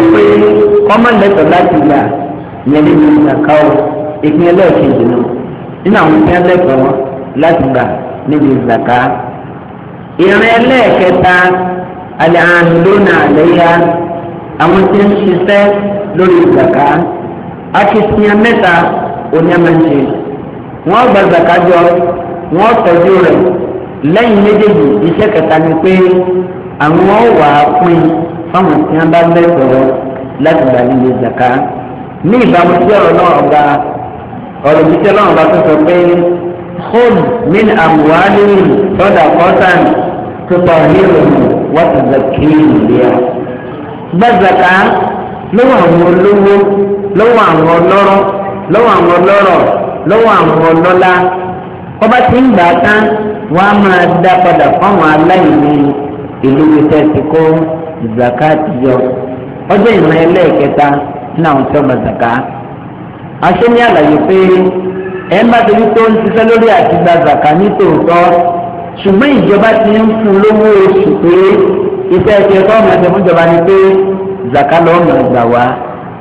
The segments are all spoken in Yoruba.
pé common letter láti gbà yẹn níbi ìsàká o ìpín ẹlẹ́ẹ̀kejì náà nínú àwọn ìpín ẹlẹ́kọ̀ọ́ láti gbà níbi ìsàká. ìrìn ẹlẹ́ẹ̀kẹta alẹ́ àrùn àlẹ́yà àwọn tí ń ṣiṣẹ́ lórí ìsàká akitiyan mẹ́ta oníyàmẹ́sì wọ́n gba ìsàká wọ́n tọ́jú rẹ̀ lẹ́yìn méjèèjì iṣẹ́ kẹta ni pé àwọn wà pín fáwọn tí wọn bá lẹ́tọ̀ọ́ láti gbà nílé zaka ní ìbámu sí ọ̀rọ̀ náà ọba ọ̀rọ̀ jíjẹ́ náà ọba tó sọ pé khud min amwalihim sadaqatan tutahhiruhum wa tuzakkihim biha gbà zaka lọ́wọ́ àwọn olówó lọ́wọ́ àwọn ọlọ́rọ̀ lọ́wọ́ àwọn ọlọ́rọ̀ lọ́wọ́ àwọn ọlọ́lá ọba tí ń gbà tán wọ́n máa dá padà fáwọn aláìní ìlú iṣẹ́ ti kó zakati yọ ọjọ́ ìmọ̀ ẹlẹ́ẹ̀kẹta ní àwọn tí ọmọ zaka aṣọ ní àlàyé pé ẹ má torí tó ń ṣiṣẹ́ lórí àti gba zaka ní tòótọ́ ṣùgbọ́n ìjọba ti ń fún lówó oṣù pé iṣẹ́ ẹ̀ṣẹ̀ ẹ̀kọ́ ọmọ ẹ̀ṣẹ̀ fúnjọba ni pé zaka lọ́ọ́ mọ̀ gbà wá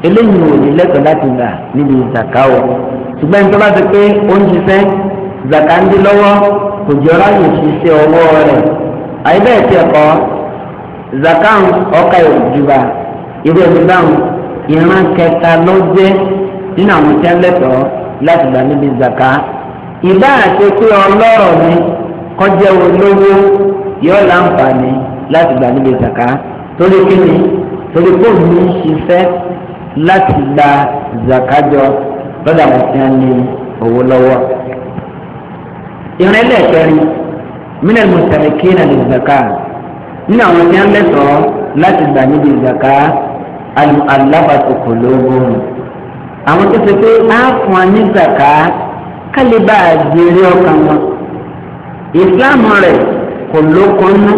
eléyìí ò ní lẹ́tọ̀ọ́ láti gbà níbi zaka o ṣùgbọ́n ìjọba ti pé ó ń ṣiṣẹ́ zaka ń dí lọ́wọ́ kò jọra yóò ṣiṣẹ́ ọwọ́ rẹ̀ àyè bẹ́ẹ̀ ti ẹ̀kọ́ zakan ọkà ìjùbà irú ẹni báwọn ìran kẹta ló jẹ nínú àwọn tí wọn lẹ́tọ̀ọ́ láti gbà níbi zaka ìbá àti pé ọlọ́rọ̀ ni kọjá olówó yóò láǹfààní láti gbà níbi zaka torí kíni torí kò ní í ṣiṣẹ́ láti gba zaka jọ lọ́dọ̀ àwọn tí wọn ní owó lọ́wọ́ ìrìn ẹlẹ́ẹ̀kẹrin mílíọ̀nù sàlẹ̀kì náà ní zaka nínú àwọn tí wọ́n lẹ́tọ̀ọ́ láti gbà níbi ìzàká alábàtò kò lóògùn àwọn tó ṣe pé á fún wa ní ìzàká kálíbà àjèrè ọkàn wọn ìsìláàmù rẹ̀ kò lókòónú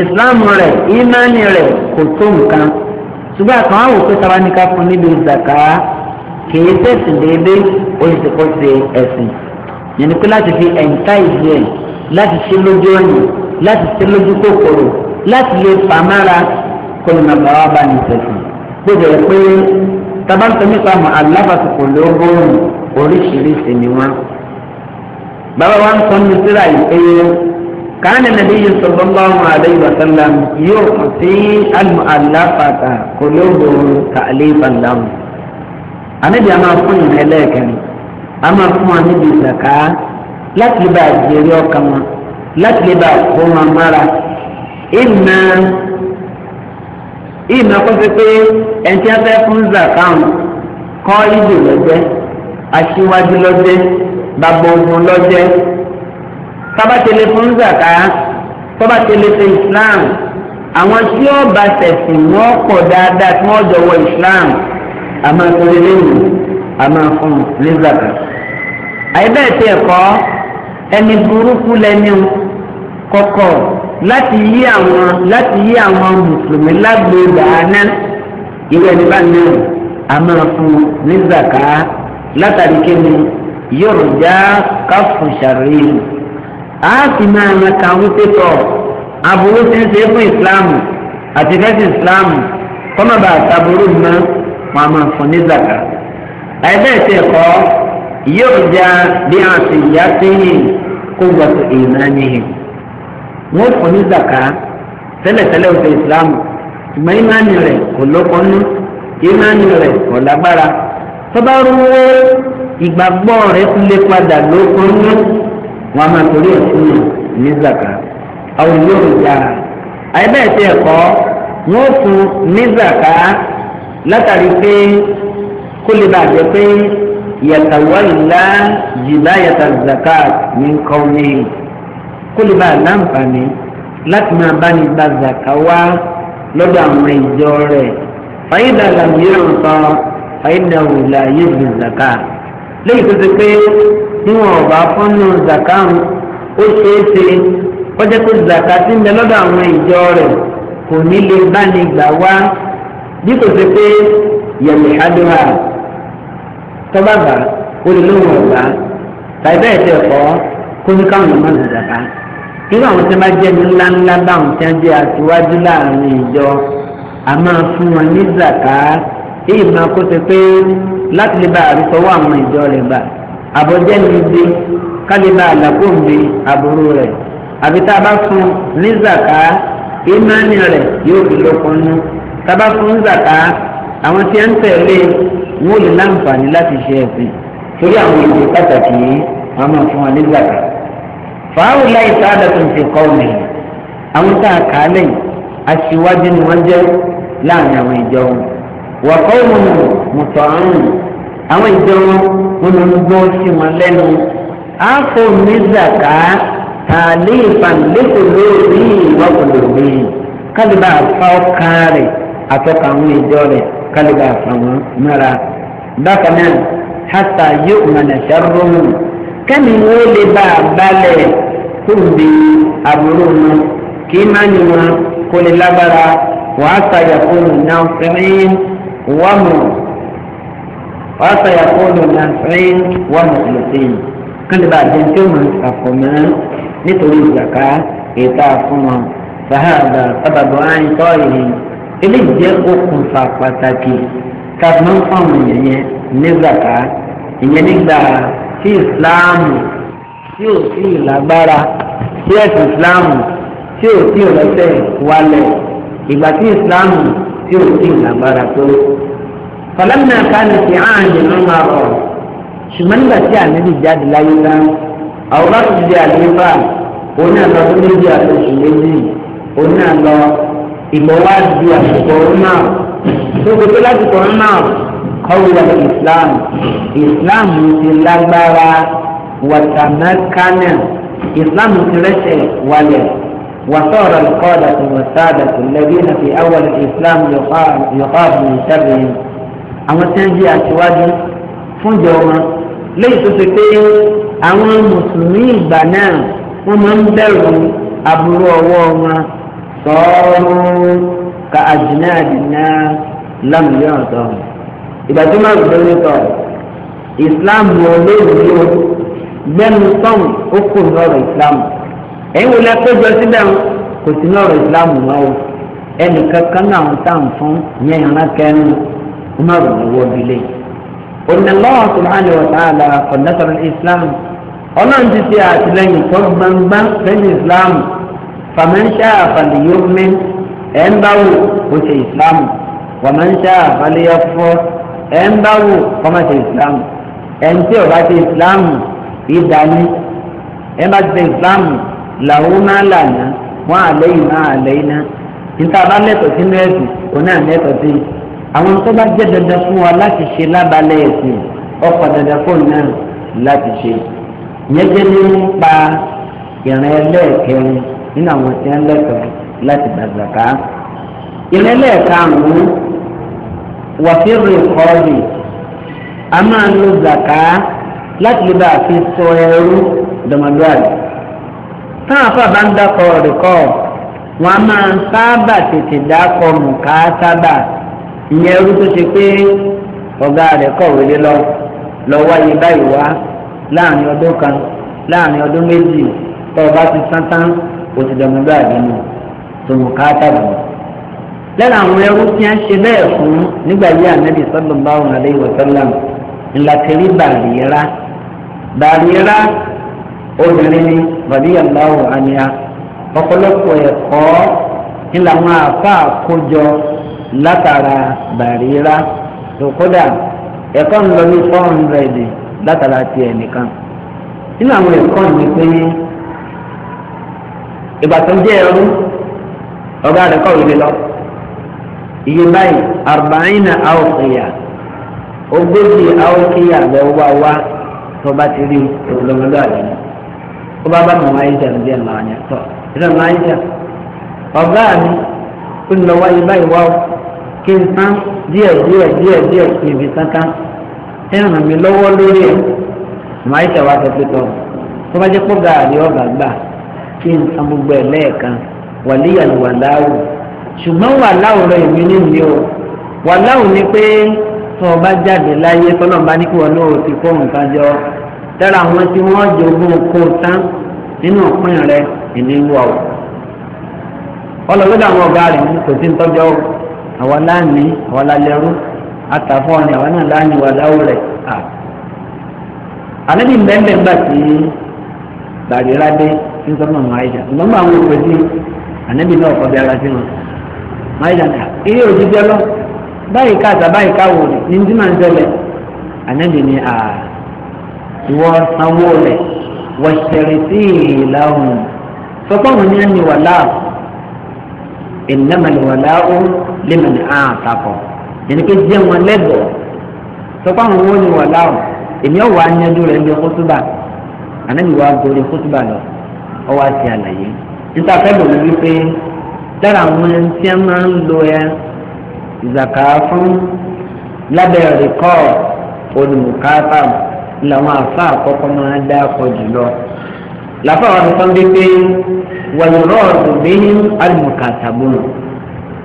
ìsìláàmù rẹ̀ ìmánì rẹ̀ kò tó nǹkan ṣùgbọ́n àkàn áwò pé sábà ní ká fún níbi ìzàká kìí tẹ̀sí déédéé oṣù ẹ̀sìn yẹn pé láti fi ẹ̀ǹtá ìdí ẹ̀ láti ṣe lójú ọ̀yìn láti ṣe lójú kòkòrò láti lè fà mára kọlùmọ̀ bàbá bá ní ìṣẹ̀sìn gbogbo ẹ̀ pé tabantọ́ nípa mọ̀ alábàtúkò lóògùn oríṣiríṣi ni wọ́n. bàbá wa ń sọ ní síra ìpéye kàánì nàbíyí sallallahu alayhi wa sallam yóò kàn sí al-mu'allafata qulubuhum ta'lifan lahum. àníbi a máa fún ìrìn ẹlẹ́ẹ̀kẹ́rin a fún wa níbi ìsàká láti bá àjẹrí ọkàn wọn láti lè bá òun àmàrà ìmọ̀ ìmọ̀ kó fi pé ẹni tí a fẹ́ fún zakam kọ́ ìdè lọ́jẹ́ aṣíwájú lọ́jẹ́ bàbá ogun lọ́jẹ́ tábàtẹ̀lé fún zaka tábàtẹ̀lé fún Islam àwọn tí ó bá tẹ̀sìn wọ́n pọ̀ dáadáa tí wọ́n jọ wọ Islam àmọ́ torí lẹ́yìn àmọ́ fún ní zaka àyẹ̀bẹ̀ tí ẹ̀kọ́ ẹni burúkú lẹ́ni o àkọ́kọ́ láti yí àwọn láti yí àwọn mùsùlùmí lágbègbè àná ìwé ẹni bá ní a máa fún ní zaka látàrí kíni yóò já káfù sàrẹ́yìn a sì máa ń ka wípé tọ̀ aburú ti ń ṣe fún ìsìláàmù àti fẹ́sì ìsìláàmù kọ́mọ̀bà àtàbúrú mọ́ wọn a ní zaka àìbẹ́ẹ̀ tí ẹ̀kọ́ yóò bí a sì yá sí yìí kó gbọ́dọ̀ èèyàn níhìn wọ́n fún ní zaka tẹ́lẹ̀tẹ́lẹ̀ ọ̀sẹ̀ islam ìmọ̀ ìmánì rẹ̀ kò lọ́kọ́nú ìmánì rẹ̀ kò lágbára tọ́ba rúwé ìgbàgbọ́ rẹ̀ lè padà lọ́kọ́nú wọn a máa torí ẹ̀sìn náà ní zaka àwọn yóò ń gbà àìbẹ́ẹ̀ tí ẹ̀kọ́ wọ́n fún ní zaka látàrí pé kó lè bàa jẹ pé yàtàwá ìlà jìbá yàtà zakat ní kọ́ọ̀mì kó lè bá a láǹfààní láti máa bá ní gba zaka wá lọ́dọ̀ àwọn ìjọ rẹ̀ fàyídà làmìíràn sọ fàyídà òòlà yìí lè zaka lẹ́yìn tó ti pé níwọ̀n ọ̀bà fọ́nù zaka ó ṣeé ṣe kọjá pé zaka ti ń bẹ lọ́dọ̀ àwọn ìjọ rẹ̀ kò ní lè bá ní gbà wá bí kò ṣe pé yẹ̀mí adúlá tọ́ba bá olè tàbí bẹ́ẹ̀ kọ́ kó ní káwọn ọmọ zaka irú àwọn tí wọ́n bá jẹ́ ńláńlá báwọn tí wọ́n jẹ́ aṣíwájú láàrin ìjọ a máa fún wọn ní zaka èyí máa kó ṣe pé láti lè bá àrísọwọ́ àwọn ìjọ rẹ̀ gbà àbọ̀jẹ́ ní ibi kálíbà àlàkóńbi àbúrò rẹ̀ àbí tá a bá fún ní zaka ìmánì rẹ̀ yóò fi lókun nú tá a bá fún zaka àwọn tí wọ́n tẹ̀lé wọn ò lè láǹfààní láti ṣe ẹ̀sìn torí àwọn ìdè pàtàkì yìí wọ́n máa fún wọn ní zaka fàáwù láì sáadà tó ń fi kọ́ mi àwọn tá a kà á lẹ́yìn aṣíwájú ni wọ́n jẹ́ láàrin àwọn ìjọ wọn wàkọ́ wọn mọ̀tọ́ àrùn àwọn ìjọ wọn wọn ló ń gbọ́ sí wọn lẹ́nu àfọ mizaka tààlé ìfàǹlẹ́kọ̀ lórí ìwọ́kùnrin òbí kálíbà àfa ọ̀ka rẹ̀ àtọ́ka àwọn ìjọ rẹ̀ kálíbà àfa wọn mọ́ra bákan náà hasa yóò mọ̀nà sẹ́rọ̀ kẹ́mi wo lè bá a balẹ̀ tóbi àbúrò wọn kì í má ní wọn kó lè lágbára wàá sàyà fóònù náà fẹ́rẹ́yìn wọ́mù wàá sàyà fóònù náà fẹ́rẹ́yìn wọ́mù lọ́sẹ̀yìn kálí bá àdéhùn tó mọ̀ àfọ̀mọ́ nítorí ìgbàká ètò àfọ̀mọ́ sàhàbà sábàbọ̀ àyìnkọ́ yìí eléyìí jẹ́ okùnfà pàtàkì káfíńfà wọn yẹn ìyẹn nígbà tí ìsìláàmù tí ò sí ìlágbára tí ẹ̀sìn ìsìláàmù tí ò sí ìrẹsẹ̀ wálẹ̀ ìgbà tí ìsìláàmù tí ò sí ìlágbára tó. fọlọ́mìnà kánì ti ààyè ló máa rọ̀ ṣùgbọ́n nígbà tí ànábì jáde láyé tán àwòrán ti di àlééfà òun náà lọ sí méjì àti oṣù méjì òun náà lọ ìgbọ̀wá di àsìkò ọ̀nà tó gbogbo lásìkò ọ̀nà kọ́wé ìsìláàmù ìsìláàmù ti lágbára wàtàmẹ́kánà islam kìrẹ́sẹ̀ wálẹ̀ وصار القادة والسادة الذين في أول الإسلام يقال يقال من شرهم àwọn tí ń jẹ́ aṣíwájú fúnjọ wọn léyìí tó ṣe pé àwọn mùsùlùmí ìgbà náà wọ́n máa ń bẹ̀rù aburú ọwọ́ wọn sọ̀rọ̀ ka àjìnà àdìnà lámìlíọ̀n tọ̀. ìgbà tó máa gbé lórí tọ̀ ìsìláàmù olóòwò gbẹ́nu sọ́hùn ó kò ní ọ̀rọ̀ ìsìlámù ẹ̀yin wò lẹ́kọ́jọ síbẹ̀ kò sí ní ọ̀rọ̀ ìsìlámù náà o ẹnì kankan náà ń tà fún yẹn ìránkẹ́nu ọmọrùn ní wọ́ọ̀dù ilé ònà lọ́wọ́ sùlhánì wàtàlà ọ̀nàtàrà ìsìlámù ọlọ́run ti ṣe àtìlẹ́yìn tó gbangba lẹ́yìn ìsìlámù fàmẹ́ńṣà àfàlìyọ́mẹ́ ẹ̀ ń ẹ̀ ń bá wò ọmọ ṣe ìsìlámù kìí dání ẹ bá ti ṣe ìsáàmù làwọn máa lànà wọn àlẹ́ yìí máa àlẹ́ yìí ná níta bá lẹ́tọ̀ọ́ sínú ẹ̀sìn kò náà lẹ́tọ̀ọ́ sí i àwọn tó bá jẹ́ dandan fún wa láti ṣe lábalẹ̀ ẹ̀sìn ọkọ̀ dandan fún náà láti ṣe ìyẹn jẹ́ nípa ìrìn ẹlẹ́ẹ̀kẹrin nínú àwọn tí wọ́n lẹ́tọ̀ọ́ láti gbàgbàká ìrìn ẹlẹ́ẹ̀karùn-ún wọ́n fi rìn kọ́ọ̀lì a máa lo zàká láti lè bá a fi sọ ẹrú dọmọdúnrún táwọn afọ bá ń dákọ rìkọ wọn a máa ń sábà tètè dákọ mùká sábà ìyẹn ẹrú tó ṣe pé ọ̀gá rẹ̀ kọ̀wé lé lọ lọ wáyé báyìí wá láàrin ọdún kan láàrin ọdún méjì tó o bá ti sántán o dọmọdúnrún àdínú tó mùká sábà lẹ́nu àwọn ẹrú tí a ń ṣe bẹ́ẹ̀ fún nígbà yí ànábì sallallahu alaihi wa sallam ńlá tẹ̀lé bàlẹ́ rà. Barira obìnrin ni radiyallahu anha ọ̀pọ̀lọpọ̀ ẹ̀kọ́ ńlá wọn àfa àkójọ látara Barira tó kódà ẹ̀kọ́ ń lọ ní four hundred látara tiẹ̀ nìkan nínú àwọn ẹ̀kọ́ ni pé ìbátan jẹ́ ẹrú ọ̀gá rẹ̀ kọ́ ìlú lọ iye báyìí àrùbáyìn náà ogójì àwòkìyà lọ́wọ́ wá wá tó bá ti rí olómọdé àlẹ́ ni ó bá bá màmá ayíṣà ló jẹ́ màá ní àtọ́ ìṣẹ́ màá ayíṣà ọ̀gá mi ó lọ wáyé báyìí wá kí n tán díẹ̀ díẹ̀ díẹ̀ díẹ̀ kí n fi tán tán ẹ ràn mí lọ́wọ́ lórí ẹ̀ màá ayíṣà wá sọ pé tọ́ tó bá jẹ́ pé gàárì ọ̀gá gbà kí n san gbogbo ẹ̀ lẹ́ẹ̀kan wàlíyàn wàláwù ṣùgbọ́n wàláwù dára àwọn tí wọ́n jogún kó tán nínú ọ̀pìn rẹ ìníwó àwọn ọ̀gá rẹ̀ kò sí àwọn àwọn lálẹ́rú ni àwọn náà láàní wà láwù rẹ̀ à. àlẹ́bí bẹ́ẹ̀ gbà tí bàrírà dé ní sọ́mọ̀ máyíjà ṣùgbọ́n bá àwọn òpè sí àlẹ́bí náà kọ́ bí ara sí wọn máyíjà ní ilé òjijì ọlọ́ báyìí ká àtàbáyìí ká ní ní ìwọ sanwó rẹ̀ wọ̀ṣẹ̀rẹ̀sì ìlàhùn sọ́kọ́hùn ní ẹni wàlá ìnámàlì wàlá ó lẹ́mìnì àtàkọ̀ yẹn kí jẹ́ wọn lẹ́bọ̀ sọ́kọ́hùn wọn ni wàlá ó èmi ọ̀wọ́ anyájú rẹ̀ lé kótóbà ànábi wàá gorí kótóbà lọ ọwọ́ àti àlàyé níta fẹ́ lòlù wípé dára àwọn tí a máa ń lo ẹ ìzàkà fún lábẹ́ rìkọ́ọ̀ olùmùkáfà làwọn àfa àkọ́kọ́ máa dá akọ jùlọ làfa wa nìkan bí pé wàlúrọ̀ ọ̀dùn bí alùmùkàtàbùn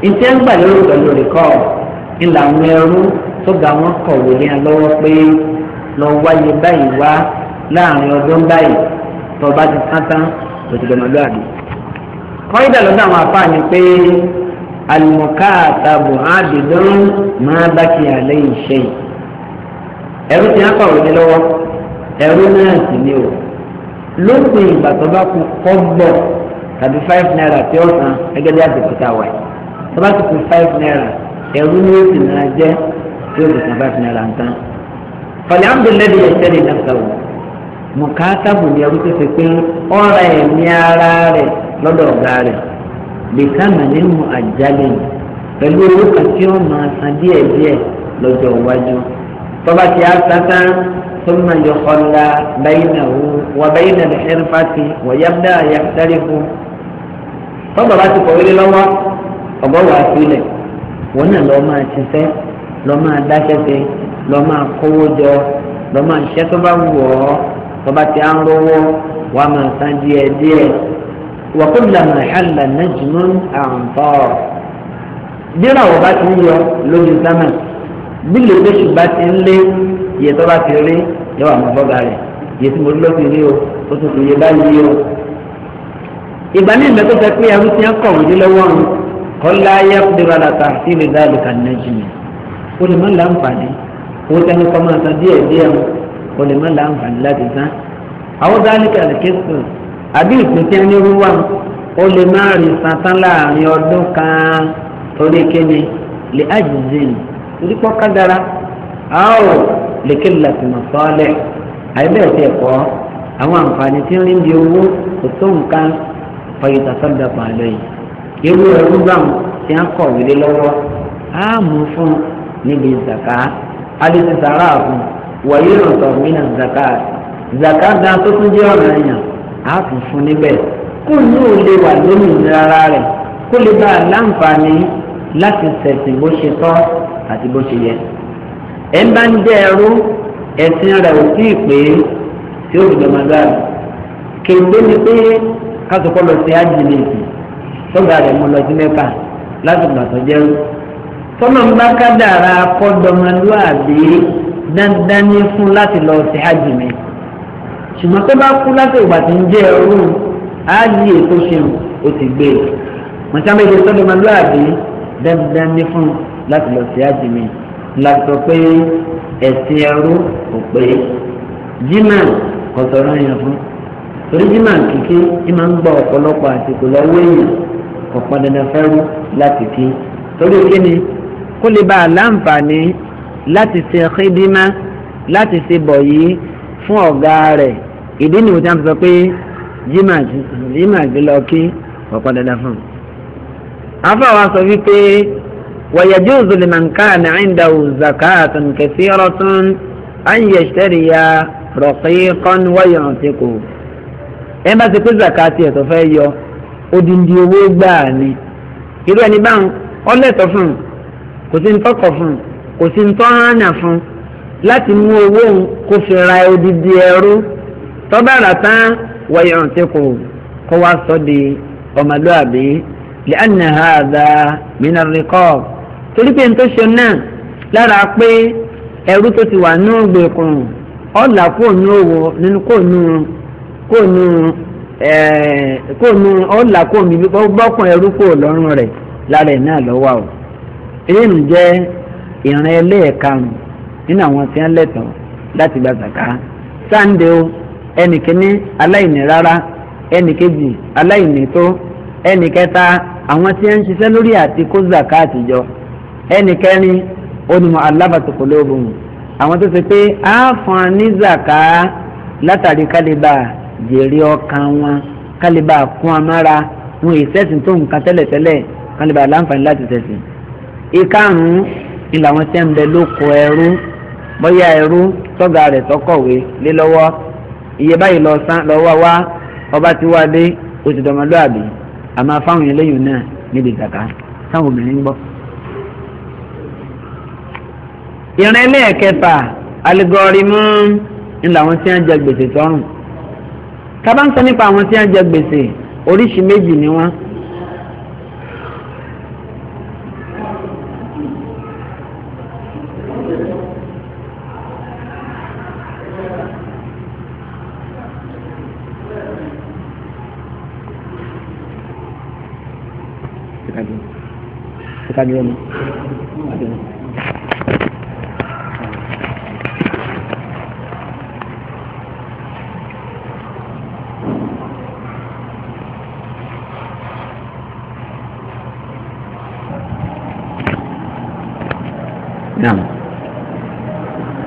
iṣẹ́ ń gbà lórí pẹ̀lú rìkọ́ ìlànà ẹrú tó ga wọn kọ̀wé ní alọ́wọ́ pé lọ wáyé báyìí wá láàrin ọdún báyìí tó bá ti tán tán kò ti gbẹmọ̀ lóàdì. kọ́ńdà lọ́dọ̀ àwọn afá ni pé alùmùkàtàbùn àdìdán máa bá kí alẹ́ ìṣe ẹrú ti hàn kọ̀ọ̀rọ̀ ní lọ́wọ́ ẹrú náà sì ni o lópin ìgbà tó bá kú kọ́bọ̀ tàbí five naira tí ó san gẹ́gẹ́ bí àsìkò tó bá ti kú five naira ẹrú ni ó sì náà jẹ́ tí ó sì san five naira ń tán. fọlẹ́ àmúdélẹ́dì yẹn tẹ́lẹ̀ náà sọ̀rọ̀ mùkátàbù ni ẹrú ti fi pé ọ̀rọ̀ ẹ̀mí ara rẹ̀ lọ́dọ̀ ọ̀gá rẹ̀ bìkánà nínú àjálẹ̀ pẹ̀lú owó kàtí ọ̀nà tọ́ba ti á sátán ثم يخلى بينه وبين الحرفة ويبدأ يختلف tọ́ba bá ti kọ̀wé lé lọ́wọ́ ọ̀gbọ́ wà á sílẹ̀ wọn náà lọ́ọ́ máa ṣiṣẹ́ lọ́ọ́ máa dáṣẹ́ ṣe lọ́ọ́ máa kówó jọ lọ́ọ́ máa ṣiṣẹ́ tó bá wù ọ́ tọ́ba ti á ń rówó wàá máa san díẹ̀ díẹ̀ wàkúndàmà hàlà náà jùlọ àǹtọ́. díra ò bá ti ń yọ lójú sámà bílò bẹ́sù bá ti ń lé iye tó bá ti rí yóò wà mọ́ bọ́gà rẹ̀ iye tí mo rí lọ́ọ́ fi rí o ó tún fi yé báyìí o. ìgbà ní ìgbà tó fẹ́ pé ẹrú ti ń kọ̀ wọ́n lọ́wọ́ ọ̀run kọ́ láyé fúnra làtà sí ilé dáàlì kàníyàn jù mí. o lè má láǹfààní owó tẹnu kọ́ máa san díẹ̀ díẹ̀ o o lè má láǹfààní láti san. àwọn dáàlì kàníkẹ́sì àbí ìpínpín ẹni wíwá o lè má rìn sàn láàrin ọdún kan torí kéde lè ájì zéèlì torí pọ́ kádàrá àárò lèkè làtìmọ̀ sọ́ọ́lẹ̀ àìbẹ̀rẹ̀ tẹ̀ kọ́ àwọn àǹfààní tí ń rí di owó kò tó nǹkan fọyìntà sọ́dọ̀ pàlọ́ yìí irú ẹrú báwọn tí wọ́n kọ̀ wílé lọ́wọ́ á mú fún níbi zaka alẹ́sẹ̀ sàrà fún wọ̀nyí rọ̀tọ̀ mìíràn zaka zaka gan tó tún jẹ́ ọ̀ràn yàn á fún fún níbẹ̀ kó ní òun lè wà lómìnira rẹ̀ kó lè bá a láǹfààní láti ṣẹ̀sìn bó ṣe tọ́ àti bó ṣe yẹ. ẹ ń bá ń jẹ́ ẹrú ẹ̀sìn rẹ̀ ò tí ì pé tí ó gbẹ̀mọ̀ agbára kéde ni pé kásòkò lọ sí ájìlẹ̀sì sọ́gbà rẹ̀ mo lọ sí mẹ́fà lásìkò àtọ́jẹ́rú. tọ́lọ̀ ń bá kádàrá kọ́dọ̀mọlúàbí dandan ní fún láti lọ sí ájìlẹ̀ ṣùgbọ́n tó bá kú láti ìgbà tí ń jẹ́ ẹrú ájì ètò ṣeun ó ti gbé e. mọ̀tí dandan ní fún láti lọ sí àjùmí làtọ̀ pé ẹ̀sìn ẹrú kò pé jimá kò sọ̀rọ̀ yẹn fún torí jimá kìkì ẹ máa ń gba ọ̀pọ̀lọpọ̀ àsìkò lọ́wọ́ èèyàn kò pọn dandan fẹ́rú láti kí torí kíni kó lè bá a láǹfààní láti ṣe xidima láti ṣe bọ̀ yìí fún ọ̀gá rẹ̀ ìdí nìyí tí wọ́n ti sọ pé jimá jimá jùlọ kí kò pọn dandan fún un afọwọ́ sọ wípé wàyàjú zulimanka ní ẹ̀ńdà zakatun kẹsíọ́rọ́tún ayẹ̀ṣẹ́rìyà rọ̀kìkan wáyọ̀n ti kù. ẹ bá ti pé zakati ẹ̀tọ́ fẹ́ yọ odindi owó gbáà ni irú ẹni báwọn ọlẹ́tọ̀ fún un kò sí ntọ́kọ̀ fún un kò sí ntọ́hánà fún un láti mú owó kó fi ra odidi ẹrú tọ́bàrà tán wáyọ̀n ti kù kó wá sọ di ọmọlúàbí. لأن هذا من الرقاب torí pé nítorí ṣe náà lára pé ẹrú tó ti wà ní ògbèkùn ọ̀là kóònù òwò nínú kóònù kóònù kóònù ọ̀là kóònù ibi bọ́kùn ẹrú kò lọ́rùn rẹ̀ lára ẹ̀ náà lọ́wọ́ o èyí ń jẹ́ ìran ẹlẹ́ẹ̀karùn nínú àwọn tí wọ́n láti gba zaka sáǹdẹ̀ o ẹnìkíní aláìní rárá ẹnìkejì aláìní tó. ẹnì kẹta àwọn tí ń ṣiṣẹ́ lórí àti kó zakat jọ ẹnì kẹrin onímọ̀ alábàtò kò lóògùn àwọn tó ṣe pé á fún ọ ní zaka látàrí kálíbà jèrè ọkàn wọn kálíbà kún amára wọn ìṣẹ́sìn tó nǹkan tẹ́lẹ̀tẹ́lẹ̀ kálíbà láǹfààní láti ṣẹ̀sìn. ìkarùn-ún ni làwọn tí ń bẹ lóko ẹrú bóyá ẹrú tọ́gà rẹ̀ tọkọ̀wé lé lọ́wọ́ iye báyìí lọ́wọ́ wá ọba tí wá dé oṣù dọ̀mọdọ́ àmọ́ fáwọn eléyìí náà níbi gàgà táwọn obìnrin ń gbọ́. ìrìn ẹlẹ́ẹ̀kẹfà aligọ́rìmù ńlá àwọn tí wọ́n jẹ gbèsè tọ́rùn tábà ń sọ nípa àwọn tí wọ́n jẹ gbèsè oríṣi méjì ni wọ́n. kálí ẹnu.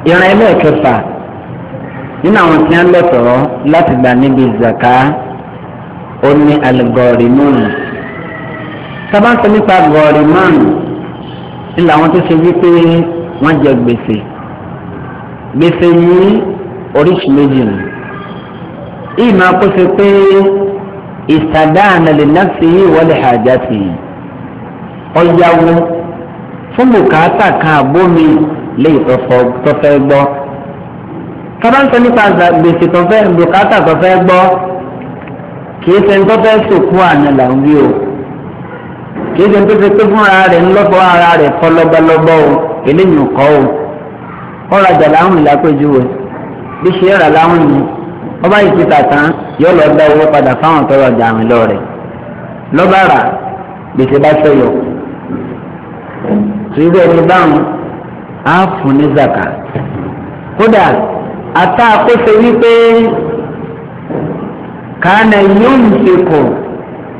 ìran ẹlẹ́ẹ̀kẹfà nínú àwọn tí wọ́n lẹ́tọ̀ọ́ láti gbà níbi zaka ó ní aligọ́rìmọ́nù sábà sọ nípa gọ̀ọ̀rìmán ni làwọn tó ṣe wípé wọ́n jẹ gbèsè gbèsè yìí oríṣi méjì ni ìmọ̀ àkóso pé ìsàdáàna lè náfì yìí wọlé hajati ọ̀yàwó fún bùkátà kan àbómi lè tọ́fẹ́ gbọ́ sábà sọ nípa gbèsè tọ́fẹ́ bùkátà tọ́fẹ́ gbọ́ kì í ṣe ń tọ́fẹ́ sòkú àná là ń o kìí ṣe tó ṣe pé fúnra rẹ̀ ń lọ́bọ̀ ara rẹ̀ kọ́ lọ́bọ̀lọ́bọ̀ o eléyìí kọ́ o ọ̀rọ̀ àjà láwọn ìlà péjú o bí ṣe rà láwọn yìí ọba yìí ti tàtàn yóò lọ dá owó padà fáwọn tọrọ ọjà àwìn lọ rẹ̀ lọ́ba rà gbèsè bá sọ̀yọ̀ tìrú ẹni báwọn á fún ní zaka kódà àtà wípé kàánà yóò ń ṣe kọ̀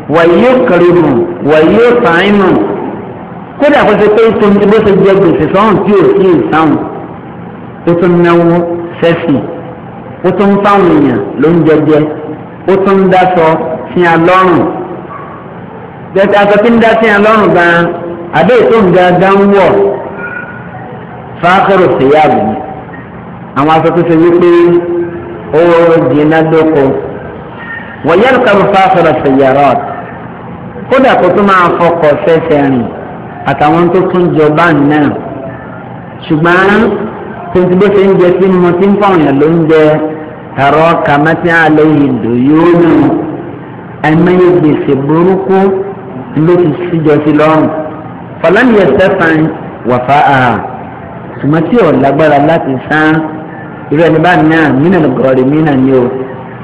wàyí kàrìmù wàyí fàáìmù kódà kó ṣe pé tóun bó ṣe jẹ gbèsè sọ́hún tí ò sí ìsáhùn ó tún náwó sẹ́sì ó tún fáwọn èèyàn ló ń jẹjẹ ó tún dáṣọ sí alọ́rùn jẹ́ta aṣọ tí ń dá sí alọ́rùn gan-an àbẹ́ ètò ìgangan wọ̀ fáfẹ́rò fìyàwó àwọn aṣọ tó ṣe wípé ó jìnnà lóko wọ̀nyẹ́rù kàrò fáfẹ́rò fìyàrọ́ọ̀tì kódà kó tó máa fọkọ̀ fẹsẹ̀ rìn àtàwọn tó tún jọ báyìí náà ṣùgbọ́n tuntun bó ṣe ń jẹ sí mo ti ń fọ̀ràn ló ń jẹ ẹ̀rọ kàmẹ́tì àlẹ́ ìdò yóò nù ẹ̀mẹ́yẹ gbèsè burúkú ló ti síjọ sí lọ́rùn fọlọ́nìyẹ stefan wàfà àhà ṣùgbọ́n ò lágbára láti sán irú ẹni báyìí náà mínà gọ̀ọ̀rì mínà ni o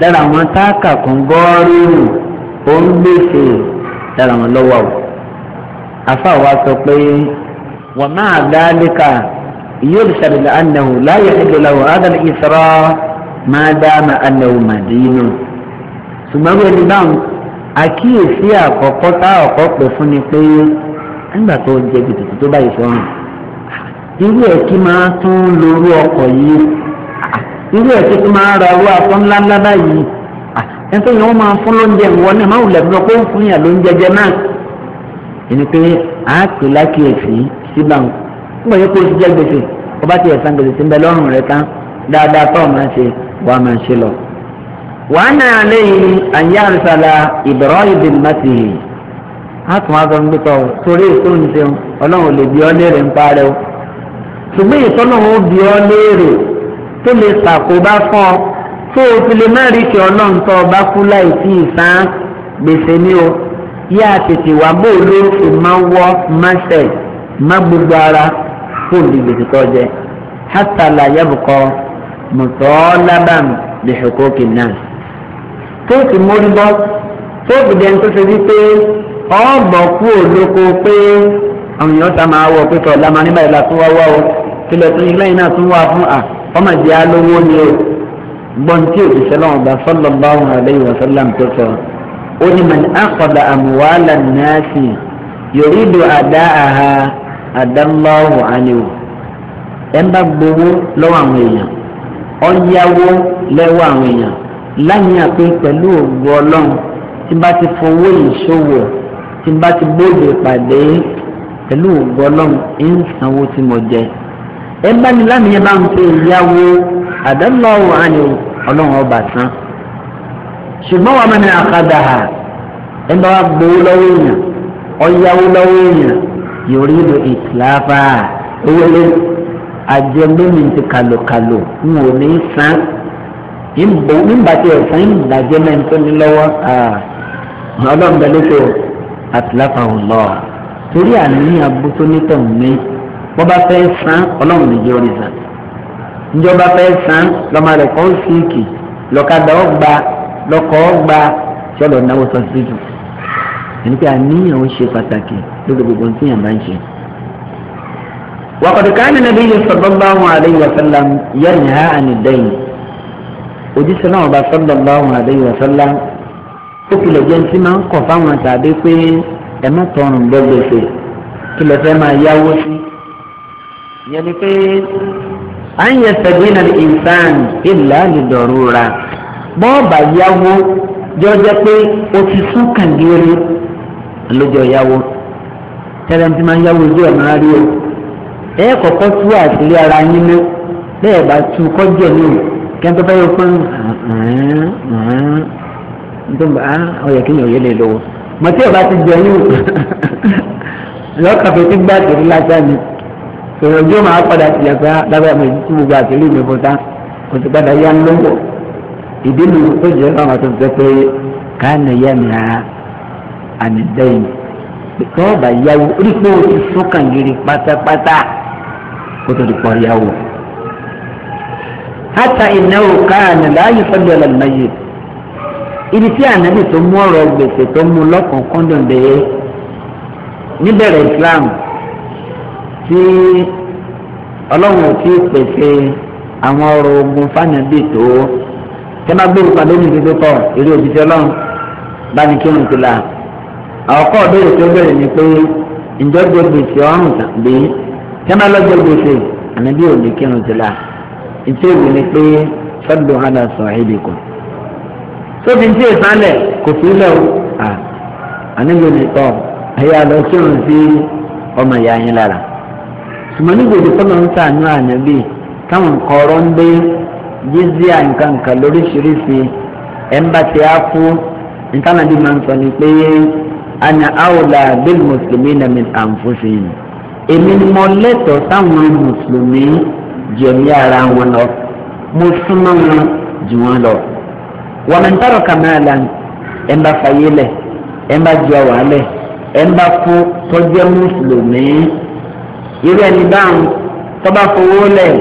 lára àwọn táàkà kò ń gọ́ọ́rì òun gbèsè lára wọn lọ́wọ́ o afa wa sọ pé wa ma'a dhalika yurshad li annahu la yahillu lahu hadha al-isra' ma dama annahu madinun ṣùgbọ́n wọ́n ní báwọn àkíyèsí àkọ́kọ́ tá ọ̀kọ́ pè fún ni pé nígbà tó ń jẹ gbèdéke tó báyìí sọ̀rọ̀ irú ẹ̀ kí máa tún lorú ọkọ̀ yìí irú ẹ̀ kí máa ra owó afọ́ ńláńlá báyìí ẹnfẹ yẹn wọn máa fún lóúnjẹ ìwọ náà máa wùlẹ̀ fún ọ fún yà lóúnjẹ jẹ náà ẹni pé a pè lákìyèsí síbà ń gbọ́ yẹ kó o ti jẹ gbèsè ọba ti ẹ̀sán gbèsè sí ń bẹ lọ́rùn rẹ tán dáadáa tó máa ṣe wàá máa ṣe lọ. wàá náà lẹ́yìn àyà àrùsàlà ìbẹ̀rọ̀ ìdè mẹ́tì a tún wá sọ ń gbẹ́tọ̀ torí èso ṣe ọlọ́run lè bí ọ léèrè ń parẹ́ o ṣùgbọ́n ìtọ́lọ́run ó bí ọ léèrè tó lè ṣàkóbá fún ọ tó o fi lè má rí kí ọlọ́run tó o bá kú láì sí ìsán gbèsè ni o yá tètè wá bó ló fi máa wọ́ máṣẹ̀ má gbogbo ara fún olùgbèsè tó jẹ hátà là yẹ́bùkọ mùtọ́ lábàm lè ṣòkó kìnnà tó o sì mórí bọ́ tó o fi dẹ́n tó ṣe wípé ọ̀bọ̀ kú olóko pé àwọn èèyàn sá máa wọ pípọ̀ lámà nígbà ìlà tó wá wá o tilẹ̀ tó ilé iná tó wá fún à ọmọ ìdí alówó ni o gbọ̀ntì òṣìṣẹ́ lọ́wọ́ bá sallallahu alayhi wa sallam tó sọ ó ní man akhadha amwala an-nasi yuridu ada'aha adallahu anhu ẹ̀ ń bá gbowó lọ́wọ́ àwọn èèyàn ọ̀yáwó lẹ́wọ́ àwọn èèyàn láyìn àpé pẹ̀lú ògùn ọlọ́run tí bá ti fowó ìṣòwò tí bá ti bóde pàdé pẹ̀lú ògùn ọlọ́run ń sanwó tí mo jẹ ẹ bá ní lámìyẹn bá ń pe ìyáwó àdánlọ́wọ́ àni ọlọ́run ọba tán ṣùgbọ́n wàá mẹ́rin àkàdà ha ẹ gbowó lọ́wọ́ èèyàn ọ̀yáwó lọ́wọ́ èèyàn yóò rí ìlú ìtìláfà owó lé ti kàlòkàlò ń wò ní sàn ẹ̀sán lọ́wọ́ ọlọ́run àtìláfà lọ torí àníyàn wọ́n bá fẹ́ sàn ọlọ́run yọrí sàn. njọba fẹ́ san lọ́mọ rẹ̀ kọ́ síìkì lọ́kadà ọgbà lọ́kọ̀ ọgbà tí ọlọ́ náwó sọ sí tù ẹni pé àníyàn ó ṣe pàtàkì lórí gbogbo tí yàn bá ń ṣe. wàkàtí káàní nàbí yìí sallallahu alayhi wa sallam yanha ani dayn òjíṣẹ́ náà ọba sallallahu alayhi wa sallam ó kìlọ̀ jẹ́ tí máa ń kọ̀ fáwọn tàbí pé ẹ má tọrùn gbọ́ kìlọ̀ fẹ́ máa yáwó sí ìyẹn ni pé à ń yẹ sẹ́gbìnà ìsàn ìlà àlùdọ̀rùra bọ́ọ̀bà yáwó jọjọ pé o ti sún kàngéré lójó yáwó tẹ́lẹ̀ tí máa ń yáwó ojú ẹ̀ máa rí o ẹ kọ́kọ́ tú àṣírí ara yín mú bẹ́ẹ̀ bá tú kọ́jọ́ ní o kẹ́ńtọ́ bá yọ fún ọ̀yẹ̀ kí ni òye lè lówó mọ̀tí ọba ti jẹ́ yín o lọ́kàfẹ́ tí gbàgbé lájà ni sọ̀rọ̀ yóò máa padà sílẹ̀ pé lábẹ́ àmọ́ ìdí tí gbogbo àtẹlé mi bọ̀ tán kò sì padà yá ló ń bọ̀ ìdí mi tó jẹ́ káwọn tó sọ pé káàní yá mi ha àmì dẹ́yìn tó bá yáwó rí pé o ti sọ́kàn gírí pátápátá kó tó di pọ̀ yáwó. hátà ìnáwó káàní láàyè fọ́dọ̀ lọ́nà yìí ibi tí ànábì tó mú ọ̀rọ̀ gbèsè tó mú lọ́kàn kọ́ńdọ̀ tí ọlọ́run ò tí ì pèsè àwọn ọrọ̀ ogun fànàbì tó tẹ́lá gbèrú padà ní ìdílé pọ̀ eré òbí tí ọlọ́run bá ní kírun ti la àkọ́kọ́ béèrè tó béèrè ni pé ǹjọ́ jẹ gbèsè ọ̀run tàbí tẹ́lá lọ́jọ́ gbèsè ànábì ò ní kírun ti la ìtẹ́wò ni pé fẹ́lú hàdà sọ èdè kan sóbi tí ìsàlẹ̀ kò sí lẹ́wọ̀ ànábì ò ní tọ́ ẹ̀yà lọ kírun sí ọmọ ìyá yín lára ṣùgbọ́n nígbà èdè kọ́ ló ń sàánú ànábì táwọn nǹkan ọ̀rọ̀ ń dé jíjíà nǹkan nǹkan lóríṣiríṣi ẹ̀ ń bá ti nǹkan àbí máa ń sọ ni pé ana aula bil mùsùlùmí na min anfusihim èmi ni mo lẹ́tọ̀ọ́ sáwọn mùsùlùmí ju ẹ̀mí ara wọn lọ mo súnmọ́ wọn jù wọn lọ wọn ń tọrọ kàmáàlà ẹ̀ ń bá fayé lẹ̀ ẹ̀ fún tọ́jú mùsùlùmí irú ẹni báwọn tọ́ba fowó lẹ̀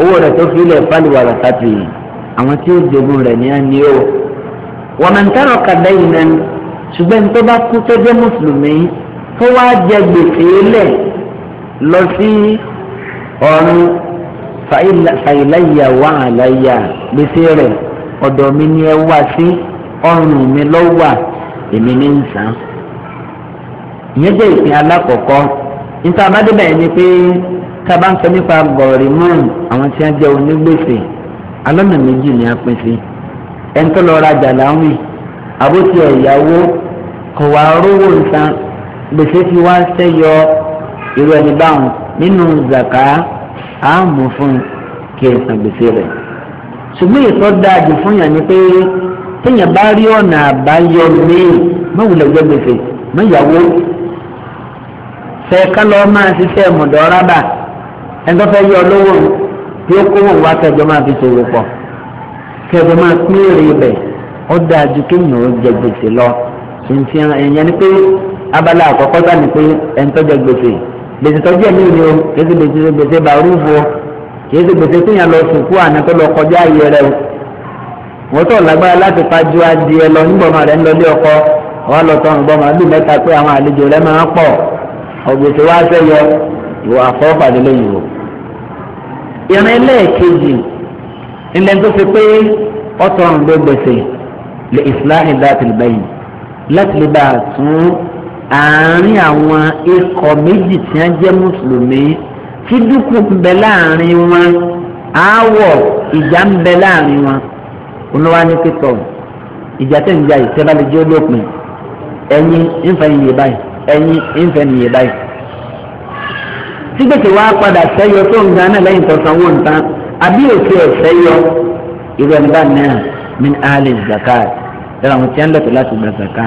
owó rẹ̀ tó fi lẹ̀ fáliwà rẹ̀ sátì àwọn tí ó jogún rẹ̀ ní ẹni o wọ́n máa ń tẹ́rọ kàdá yìí náà ṣùgbọ́n tó bá kú tó jẹ́ mùsùlùmí tó wá jẹ gbèsè lẹ̀ lọ sí ọ̀run fàìláyà wà àláyà gbèsè rẹ̀ ọ̀dọ̀ mi ni ẹ wá sí ọrùn mi lọ́wọ́ èmi ní ń ìyẹn jẹ́ ìpín alákọ̀ọ́kọ́ níta àbádébẹ̀ ni pé tá a bá ń sọ nípa gọ̀ọ̀rì mọ́ọ̀n àwọn tí wọ́n jẹ́ onígbèsè alọ́nà méjì ni a pín sí ẹni tó lọ rajà láwìn àbótí ẹ̀yáwó kò wá rówó nǹkan gbèsè fi wá sẹ́yọ irú ẹni báwọn nínú zaka àmú fún kí ẹ san gbèsè rẹ̀ ṣùgbọ́n ètò dáadì fún yàn ni pé téèyàn bá rí ọ̀nà àbáyọ míì mọ̀wùlẹ̀ gbẹ mọ̀yàwó kẹ̀kẹ́ lọ́ọ́ máa ṣiṣẹ́ mọ̀dọ́rábà ẹgbẹ́ fẹ́ yọ lówó tí ó kówó wá kẹjọ máa fi ṣòwò pọ̀ kẹjọ máa pín èrè ibẹ̀ ó dáa ju kéèyàn ó jẹ lọ ìyẹn ni pé abala àkọ́kọ́ ni pé ẹni jẹ gbèsè gbèsè ni o ṣe gbèsè gbèsè ṣe gbèsè lọ sùkú àná tó lọ kọjá ayé rẹ o wọ́n tọ̀ lágbára láti adìẹ lọ nígbọ̀mọ̀ ọkọ lọ pé àwọn àlejò ọ̀gbẹ̀tẹ̀ wá sẹ́yọ ìwà àfọwọ́fàdélẹ́yìn o. ìrìn ẹlẹ́ẹ̀kejì ilẹ̀ tó fi pé ọ̀tọ̀run ló gbèsè lè ìsìláhìn láti lè bẹ́yìn láti lè bá a tún àárín àwọn ikọ̀ méjì tí wọ́n jẹ́ mùsùlùmí tí dúkù ń bẹ láàrin wọn aáwọ̀ ìjà ń bẹ láàrin wọn olúwa ní pípọ̀ ìjà tẹ̀ ń jà ìtẹ́bálẹ̀ jẹ́ olópin ẹ̀yin ń fẹ́ yìí báyìí ẹ̀yin ìfẹ́ nìyẹn báyìí. sígbèsè wa padà sẹ́yọ tó ń gan náà lẹ́yìn tó sanwó nǹkan àbí òkè ẹ̀ sẹ́yọ irú ẹni bá náà min ali zakat dára àwọn tí wọ́n lọ́tọ̀ láti gba zaka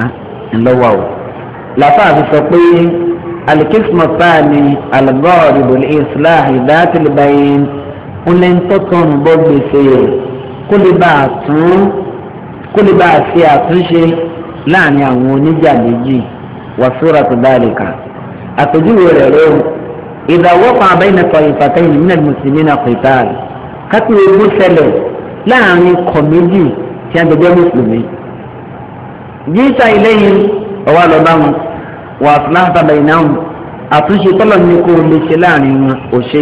ńlọ́wọ́ o. làfáà fi sọ pé alikisma fani alagọ́ọ̀rì bòlí islahi dátìlì báyìí ń lẹ́yìn tó tọ̀nù bọ́ gbèsè kó lè ṣe àtúnṣe láàrin àwọn oníjà wasuratu dhalika àpèjúwe rẹ̀ rẹ̀ o idha waqa bayna ta'ifatayni minal muslimina qital kápẹ́ ogun ṣẹlẹ̀ láàrin kọ̀mẹ́jì tí a gbẹgbẹ́ mùsùlùmí jíṣà iléyìn ọwọ́ lọ bá wọn wà fúláfà bẹ̀yìnà wọn àtúnṣe tọ́lọ̀ ní kó lè ṣe láàrin wọn ò ṣe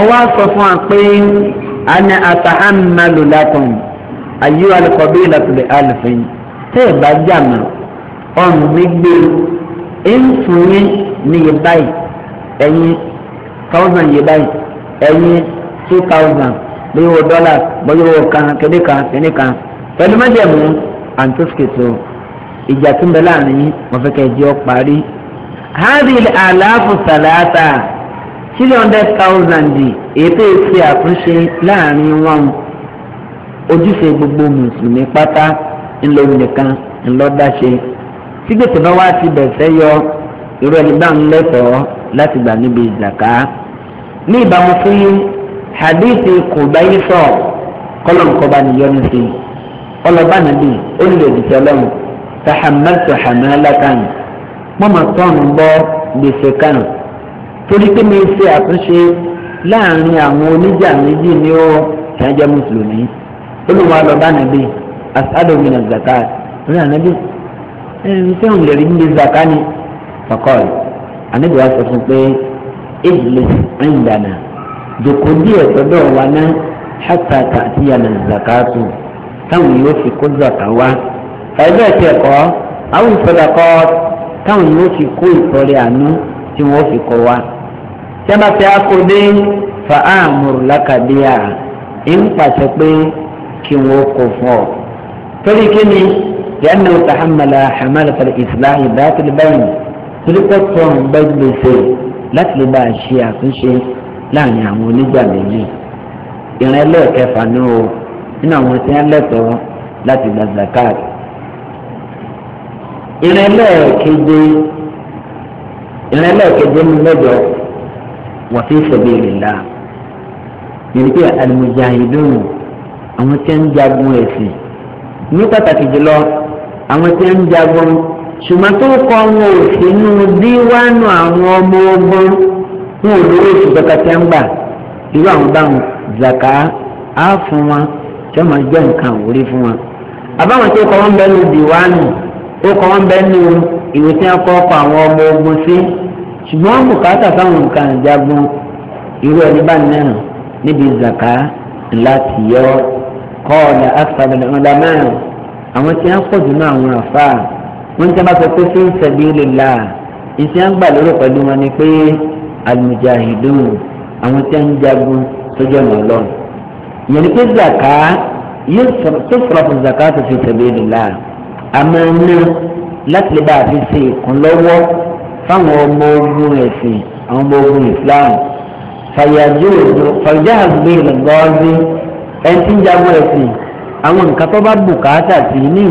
ọwọ́ sọ fún wa pé ana atahamalu lakum ayu alikọbi ilatubi alifin tẹ́ ẹ̀ bá jà mọ́ ọrùn mi gbé ẹ̀ǹfùn ni ní yẹ báyìí ẹ̀yin thousand yẹ báyìí ẹ̀yin two thousand bóyá wọ dọ́là bóyá wọ kan kìnnì kan kìnnì kan pẹ̀lú mẹ́jẹ̀mú àǹtóṣkètò ìjà tó ń bẹ láàrin yín wọ́n fẹ́ kẹ́ ẹ jẹ́ ọ parí. hadil alaafu salata three hundred thousand ètò ìṣe àtúnṣe láàrin wọn ojúṣe gbogbo mùsùlùmí pátá ńlọ nìkan ńlọ dáṣe tí gbèsè bá wá ti bẹ̀fẹ́ yọ irú ẹni bá ń lẹ́tọ̀ọ́ láti gbà níbi ìzàká ní ìbámu fún hadithi kò báyìí sọ kọlọ̀nkọba níyọnu sí i ọlọ́ba nàbí olùdókítì ọlọ́run tahammatu hamalatan mọ́mọ́ tọ́nù bọ́ gbèsè kan torí pé mi ṣe àtúnṣe láàrin àwọn oníjà méjì ni ó ṣáájá mùsùlùmí olùwà ọlọ́ba nàbí asálòmìnà zakat ní ànábì ṣé òun lè rí níbi zaka ni fakọ́ọ̀lì ànábì wa sọ fún pé ejìlẹ̀ àyìndàna jòkó díẹ̀ gbọ́dọ̀ wa náà hàtà tààtìyànà zaka tù táwọn yóò fi kó zaka wá ẹgbẹ́ ẹ̀tì ẹ̀kọ́ àwọn ìfọdàkọ́ táwọn yóò fi kó ìtọ́rẹ àánú tí wọ́n fi kọ́ wa tí a fa àmúrù lákàdéyà ń pàṣẹ pé kí wọ́n kó fún ọ torí kí ni. لأنه تحمل حمالة الإصلاح ذات البين تلقتهم بجلسه láti lè bá a ṣe àtúnṣe láàrin àwọn oníjà méjì ìran ẹlẹ́ẹ̀kẹfà náà o nínú àwọn tí wọ́n lẹ́tọ̀ọ́ láti gba zakat ìran ẹlẹ́ẹ̀keje ìran ẹlẹ́ẹ̀keje ní mẹ́jọ wà fi sabilillah yìí pé al-mujahidun àwọn tí wọ́n ń jagun ẹ̀sìn ní pàtàkì jùlọ. àwọn tí ń jagun ṣùgbọ́n tó kọ́ wọn ò sínú díwánù àwọn ọmọ ogun wọn ò lówó oṣù kankan tí ń gbà irú àwọn báwọn zaka á fún wọn tí wọn máa jẹ nǹkan àwòrí fún wọn. àbáwọn tó kọ́ wọn bẹ́ẹ̀ nu kọ́ wọn bẹ́ẹ̀ nu ìwé tí kọ́ àwọn ọmọ ogun àwọn tí wọ́n pọ̀ jù náà àwọn àfa wọ́n ti máa sọ pé fi sabilillah ìṣe à ń gbà lérò pẹ̀lú wọn ni pé al-mujahidun àwọn tí wọ́n ń jagun sójú ọ̀nà ọlọ́run ìyẹn ni pé zaka yóò sọ̀rọ̀ fún zaka tó fi sabilillah àmọ́ náà láti lè bá a fi ṣe ìkúnlọ́wọ́ fáwọn ọmọ ogun ẹ̀sìn àwọn ọmọ ogun Islam fàyàjò fàyàjò àgbè lọ́gọ́ọ́dún ẹni tí àwọn nǹkan tó bá bùkátà sí ní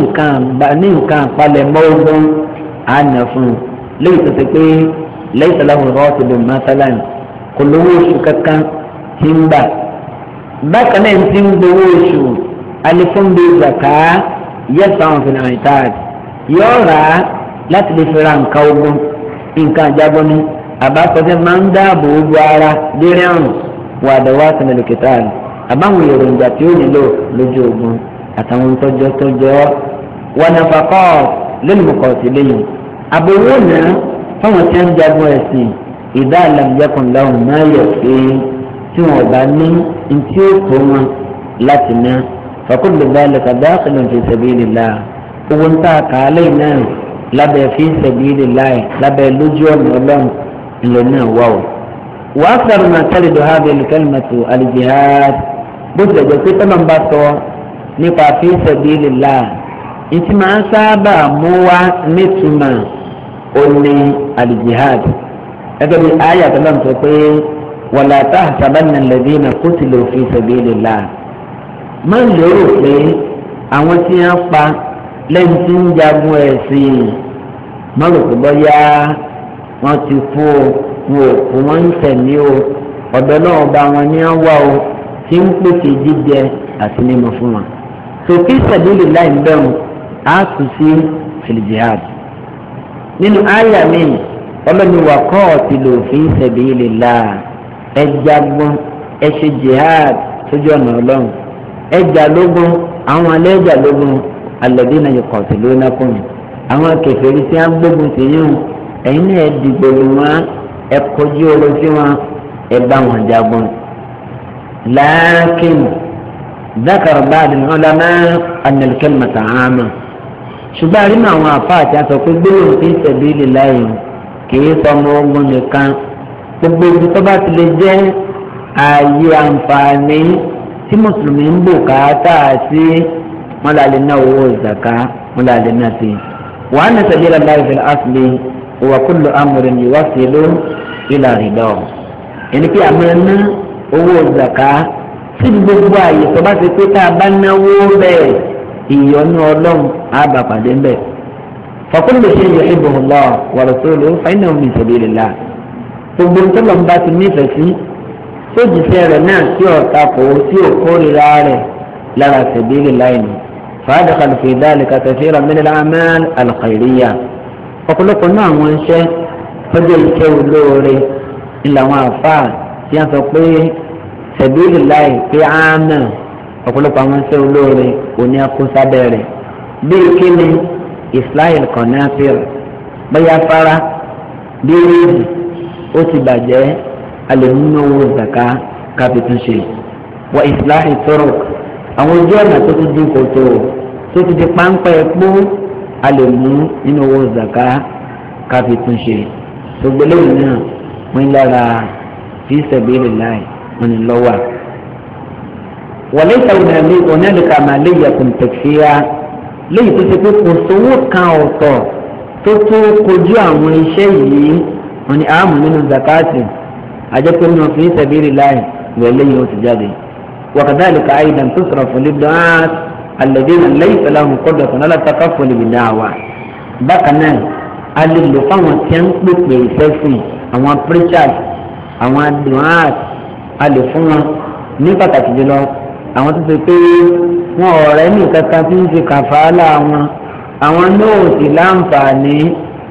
nǹkan palẹ̀mọ́ ogun àná fún un léyìí tó ṣe pé lẹ́yìn sàlámù rọ́ọ̀tì lè má sálàmù kò lówó oṣù kankan tí ń gbà bákan náà ti ń gbowó oṣù alifúnbi zaka yẹsà àwọn fìlà ìtaàd yóò rà á láti lè fi ra nǹkan ogun nǹkan àjábọ́ ni àbá sọ́sẹ́ máa ń dáàbò bo ara dérí àrùn wàdàwà sàmìlì kìtàlì àbáwọn èròjà tí ó nílò lójú ogun àtàwọn tọjọ tọjọ wọn afakọ lẹnumọkọ sí lẹ́yìn àbẹ̀wò náà fáwọn tí wọn jagun ẹ̀sìn ìdá àlàyékùn lọhùn náà yẹ pé tí wọn bá ní ntí ó tó wọn láti ná fakúndé balẹ̀ kàdá àkàlùn fi sabilillah owó ń tà kàálẹ̀ náà lábẹ́ fi sabilillah lábẹ́ lójú ọ̀nà ọlọ́run ńlọ náà wà ó. wàá sọ̀rọ̀ màtàlídọ̀ hábẹ́lì kálímàtò bó tilẹ̀ jẹ́ pé tọ́lọ̀ ń bá sọ nípa fi sabilillah ìtì máa ń sábà mú wá nítumà òní al-jihad gẹ́gẹ́ bí àyà tọ́lọ̀ ń sọ pé wala tahsabanna alladhina qutilu fi sabilillah má lérò pé àwọn tí wọ́n pa lẹ́yìn tí ń jagun ẹ̀sìn má rò pé bọ́yá wọ́n ti kú o wọ́n ń tẹ̀lé o ọ̀dọ́ náà ọba wọn ni wọ́n wá o tí ń pèsè jíjẹ àti mímu fún wọn. sòkè sàbílì láì bẹ́ẹ̀ á tù sí filijihad. nínú àyà mi ọlọ́ni wà kọ́ọ̀tì lò fi sàbílì là ẹ jagun ẹ ṣe jihad sójú ọ̀nà ọlọ́run ẹ jà lógun àwọn alẹ́ jà lógun alladina yuqatilunakum àwọn kèfèrí tí wọ́n gbógun sí yín ẹ̀yin náà ẹ dìgbò ẹ kọjú oró wọn ẹ bá wọn jagun. لكن ذكر بعض العلماء أن الكلمة عامة ṣùgbọ́n àrínà àwọn àfáàtì aṣọ pé gbólóhùn fi sabilillah láàyè kìí sọmọ ogun nìkan gbogbo ibi tó bá ti lè jẹ́ ààyè àǹfààní tí mùsùlùmí ń bò káàtà sí wọn là lè ná owó ìzàká wọn là lè ná sí. wa anna sabilillahi fil asli wa kullu amrin yuwasilu ila ridha ẹni pé àmọ́ ẹ̀ náà owó zaka sí gbogbo àyè tó bá ti pé tá a bá náwó bẹ́ẹ̀ ìyọnu ọlọ́run á bá pàdé ń bẹ̀. fọkúlù ṣe yẹ ìbòhùn lọ wọ̀rọ̀ tó lò ó fáínà omi ìṣèlérí la gbogbo ńtọ́lọ̀ ń bá ti nífẹ̀ẹ́ sí sójúṣe rẹ̀ náà sí ọ̀ta kò sí òkórira rẹ̀ lára ṣèlérí láìní. فأدخل في ذلك كثيرا من الأعمال الخيرية ọ̀pọ̀lọpọ̀ náà àwọn iṣẹ́ tọ́jú iṣẹ́ olóore ìlànà àfáà tí a sọ pé sẹ̀dúrì láì pé áánà ọ̀pọ̀lọpọ̀ àwọn iṣẹ́ olóore òní akósábẹ́ rẹ̀ bíi kíni ìsláìl kọ̀nàfíìr bóyá fara bíi ríìdì ó ti bàjẹ́ alẹ́múnú owó zaka kápẹ́tún ṣe wọ ìsláìl tọrọ àwọn ojú ọ̀nà tó ti di kòtò tó ti di páńpẹ́ pọ́ alẹ́mú nínú owó zaka kápẹ́tún gbogbo lẹ́yìn náà pín lára fi sabilillah wọn ni lọ́wọ́ à. wọlé ìtàwọnàlẹ onílùkà máa lè yàtọ̀ tẹ̀síyà léyìí tó ti pé kò sówó kan ọ̀tọ̀ tó tó kojú àwọn iṣẹ́ yìí wọn ni àmú nínú zakati àjẹpẹ́ nínú fi sẹ́bírì láì wọ́n léyìn ó ti jáde. وكذلك أيضا تصرف للدعاة الذين ليس لهم قدرة ولا تكفل بالدعوة بقنا alilò fáwọn tí ń pèpè ìfẹ́ fún àwọn preachers àwọn aduat a lè fún wọn ní pàtàkì jùlọ àwọn tó ṣe pé wọn ọ̀rẹ́ nìkan kan tí ń ṣe kàfàálà wọn àwọn náà sì láǹfààní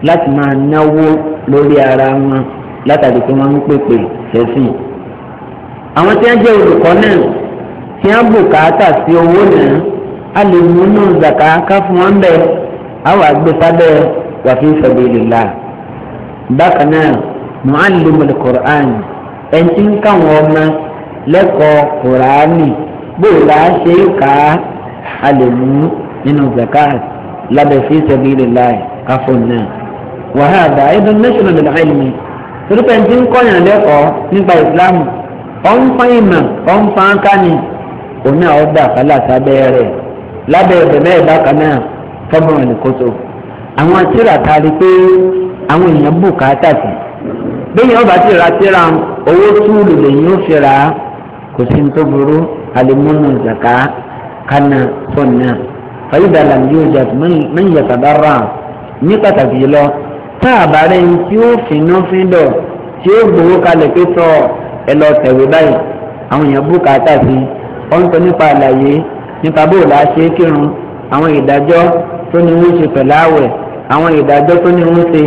láti máa náwó lórí ara wọn látàrí pé wọ́n ń pèpè sẹ́sìn. àwọn tí wọ́n jẹ́ olùkọ́ náà tí wọ́n bùkátà sí owó náà a lè múnú zàká ká fún wọn bẹ́ẹ̀ àwọn àgbẹ̀sábẹ́ wà fi sabilillah. bákan náà mu'allimul Qur'an. ẹnití ń káwọn ọmọ lẹ́kọ̀ọ́ kùránì ṣe é kà a lè mú nínú zakat lábẹ́ fi sabilillah káfọ́n náà. wàhálà ẹ̀dùn mẹ́sàn lè láì mi torípé ẹnití ń kọ́yàn lẹ́kọ̀ọ́ nípa ìsìlámù ọ̀nfà ìmọ̀ òní rẹ̀ lábẹ́ náà àwọn àtìrà ta rí pé àwọn èèyàn sí bẹ́ẹ̀ni ọba ti ra tíra owó túùlù lẹ́yìn ó fi ra kò sí ní tó burú alimọ́nù zaka kana sọ̀nà fàyídà làǹdí ọjà mẹ́yìn yàtàdárà ní pàtàkì yìí lọ tá a bá rẹ̀ ń tí ó fínú fíndọ̀ tí ó gbowó kalẹ̀ pé tọ́ ẹ lọ tẹ̀wé báyìí àwọn èèyàn bú kàtà sí ọ ń nípa àlàyé nípa bóòlù àṣẹ kírun àwọn ìdájọ́ tó ní wọ́n ṣe pẹ̀lú àwẹ̀ àwọn ìdájọ́ tó ní wọ́n ṣe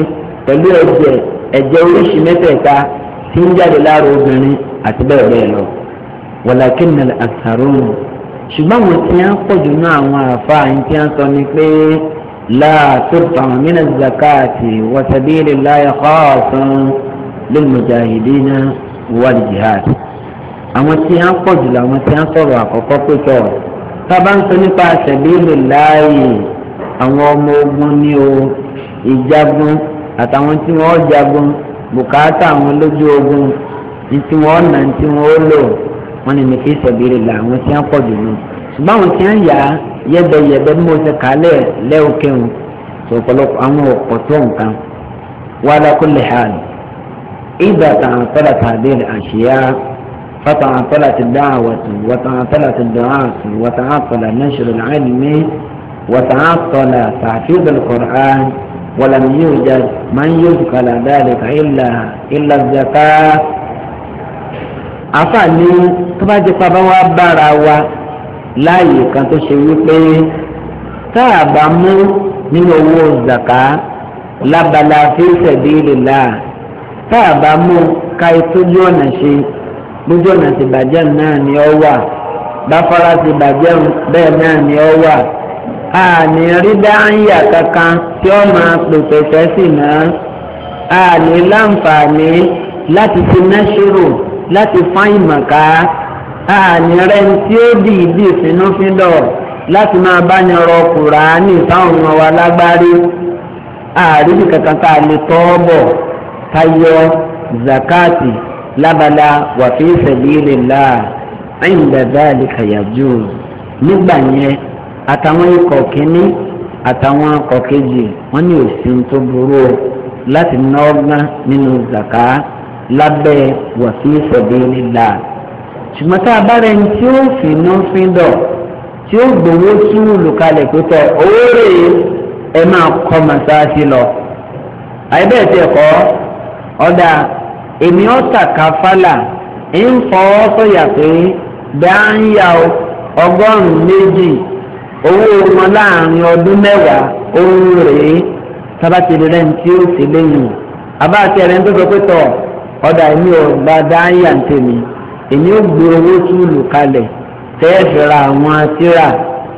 pẹ̀lú ẹ̀jẹ̀ ẹ̀jẹ̀ oríṣi mẹ́tẹ̀ẹ̀ta tí ń jáde lára obìnrin àti bẹ́ẹ̀ bẹ́ẹ̀ lọ wàlákìn nàlẹ àtàrún ṣùgbọ́n àwọn tí wọ́n pọ̀ jù náà àwọn àfáà ń tí wọ́n sọ ni pé láàtò tàwọn mí náà zakati wàtàbílì láyé kọ́ọ̀sán lilmujahidina wal jihad àwọn tí wọ́n pọ̀ jù làwọn tí wọ́n sọ̀rọ̀ àkọ́kọ́ pé sábà ń sọ nípa sabilillahi àwọn ọmọ ogun ní o ìjagun àtàwọn tí wọ́n jagun bùkátà àwọn lójú ogun ní tí wọ́n nà ní tí wọ́n lò wọ́n ní nìkí sọ̀bìrì là àwọn tí wọ́n pọ̀ jù lọ. ṣùgbọ́n àwọn tí wọ́n yà yẹ́bẹ̀yẹ̀bẹ̀ bí mo ṣe kálẹ̀ lẹ́ọ̀kẹ́hùn tó ọ̀pọ̀lọpọ̀ àwọn ọ̀tọ̀ nǹkan wala kulli hal إذا تعطلت هذه الأشياء فتعطلت الدعوة وتعطلت الدعاة وتعطل نشر العلم وتعطل تحفيظ القرآن wàlà mi yóò jà máa ń yóò jù kàlà dáàlẹ̀ ká ìlà ìlà zaka. afa ni tó bá jẹ́ pa bá wá bára wa láàyè kan tó ṣe wípé tá a bá mú nínú owó zaka lábala fi sabilillah tá a bá mú ká ìtọ́jú ọ̀nà ṣe lójú ọ̀nà tìbàjẹ́ náà ni ọ wà bá fara tìbàjẹ́ bẹ́ẹ̀ náà ni ọ wà àní rí dáhìyà kankan tí ó máa pèsè fẹ́sì náà àní láǹfààní láti fi náṣírò láti fán ìmọ̀ká àní rẹ̀ tí ó dì í dì fínúfíndọ̀ láti máa bá ní ọ̀rọ̀ kùránì táwọn ọmọ wa lágbárí àrídì kankan tá lè tọ́ bọ̀ tayọ zakati lábala wàfíìsẹ̀ bíi lè la ẹ̀yìn dàda àlè kàyàjú nígbà yẹn àtàwọn ikọ̀ kínní àtàwọn keji wọ́n ní òsín tó burú o láti ná ọgbọ́n nínú zaka lábẹ́ wàfí sabilillah ṣùgbọ́n tá a bá rẹ̀ o tí ó fi ná fi dọ̀ tí ó gbowó tú lùkalẹ̀ pé tọ̀ owó lọ. àìbẹ́ẹ̀ kọ́ ọ̀dà èmi ń pé yà owó wọn láàrin ọdún mẹ́wàá òun rèé tábàtì rẹ̀ ń tí ó sì léyìn àbá àti ẹ̀rẹ́ ń tó sọ pé tọ̀ ọ̀dà èmi ò gba dáńyà ń tèmi èmi ò gbé owó túùlù kalẹ̀ tẹ́ẹ̀fì ra àwọn atíra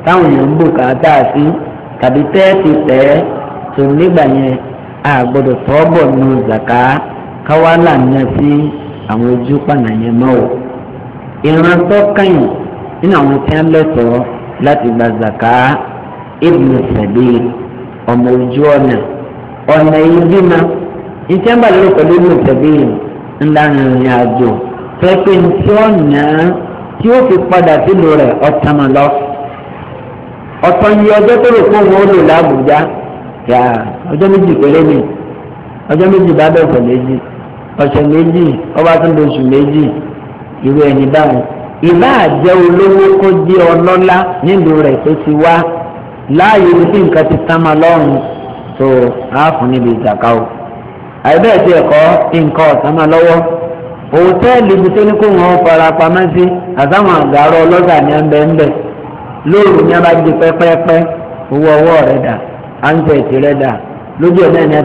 táwọn èèyàn ń bùkátà sí tàbí tẹ́ tó nígbà yẹn a gbọ́dọ̀ zàká káwá sí àwọn láti gba zaka ibn sabil ọmọ ojú ọ̀nà ọ̀nà yìí bímọ ìjẹ́ bá lórí pẹ̀lú ibn sabil ńlá rìnrìn àjò pẹ́pẹ́ tí ó nà á tí ó fi padà sílùú rẹ̀ ọ̀tá mọ̀ lọ. ọ̀tọ̀ ni ọjọ́ tó rò fún wọn ó lò lábùjá yà ọjọ́ méjì péré ni ọjọ́ méjì bá bẹ̀ ọ̀sẹ̀ méjì ọ̀sẹ̀ méjì ọba tó ń lo méjì irú ẹni báwọn ìbá àjẹ́ olówó kó jẹ́ ọlọ́lá nílùú rẹ̀ tó ti wá láàyè ibi tí nǹkan ti tán máa lọ́rùn tó àáfún níbi ìjàká o àìbẹ́ẹ̀ tí ẹ̀kọ́ nǹkan ọ̀tán máa lọ́wọ́ òtẹ́ẹ̀lì ibi tó ní kó wọn fara pamọ́ sí àtàwọn àgàrọ̀ ọlọ́gà ní ẹ̀ńbẹ̀ńbẹ̀ lóòrùn ní abájú pẹ́pẹ́pẹ́ owó ọwọ́ rẹ̀ dà áńtẹ̀ẹ̀tì rẹ̀ dà lójú ẹ̀dá ni a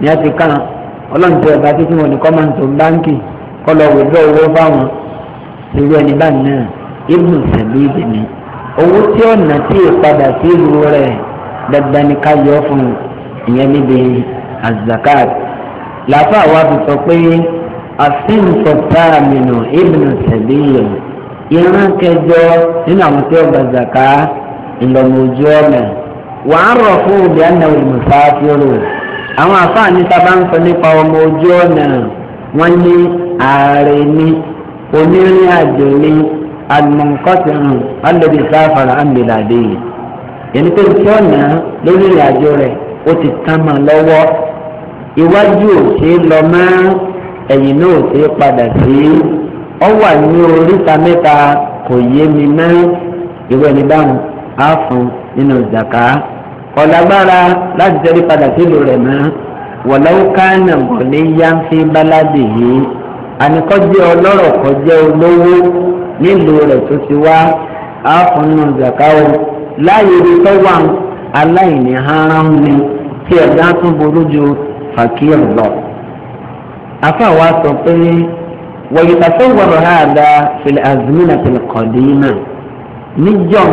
ni a ti ká ọlọ́run ti ẹ̀bá títí wọn ní irú ẹni báyìí náà ibùn sẹ̀bíìdì ni owó tí ó nà tí ì padà sí ìlú rẹ̀ dandan ni ká yọ fún ìyẹn níbi azakat làáfà wa fi sọ pé àfihàn tààmìnà ibùn sẹ̀bíìdì ìran kẹjọ nínú àwọn tí ó zaka ìlọ̀nà ojú ọ̀nà wàá rọ̀ fún òbí ànáwó ìmùsáfírò àwọn àfáàní sábà ń sọ nípa ọmọ ojú ọ̀nà wọ́n ní ààrẹ ní onírìn àjò ní alimọ̀nkọ́sìrìn alẹ́bí sáfàrà àmìlàdé yìí yẹn pé tí ó nà lórí ìrìn àjò rẹ̀ ó ti tán mọ́ lọ́wọ́ iwájú ò ṣe é lọ mọ́ ẹ̀yìn náà ò ṣe é padà sí ọ wà ní oríta mẹ́ta kò yé mi mọ́ ìwé ẹni báwọn á fún nínú zaka ọ̀làgbára láti tẹ́lẹ̀ padà sílùú rẹ̀ mọ́ wọ̀lọ́wọ́ kánà wọlé yáǹfì báládì yìí àníkọ́jẹ́ ọlọ́rọ̀ kọjẹ́ olówó nílùú rẹ̀ tó ti wá àáfọ̀nù zakawo láyé ibi tó wà aláìní haram ni tí ẹ̀dá tún burú ju fakir lọ. afáwa sọ pé wọ̀yìtàfẹ́ wọ̀rọ̀ hàdá fìlẹ̀ azmina fìlẹ̀ kọ̀dínà níjọ́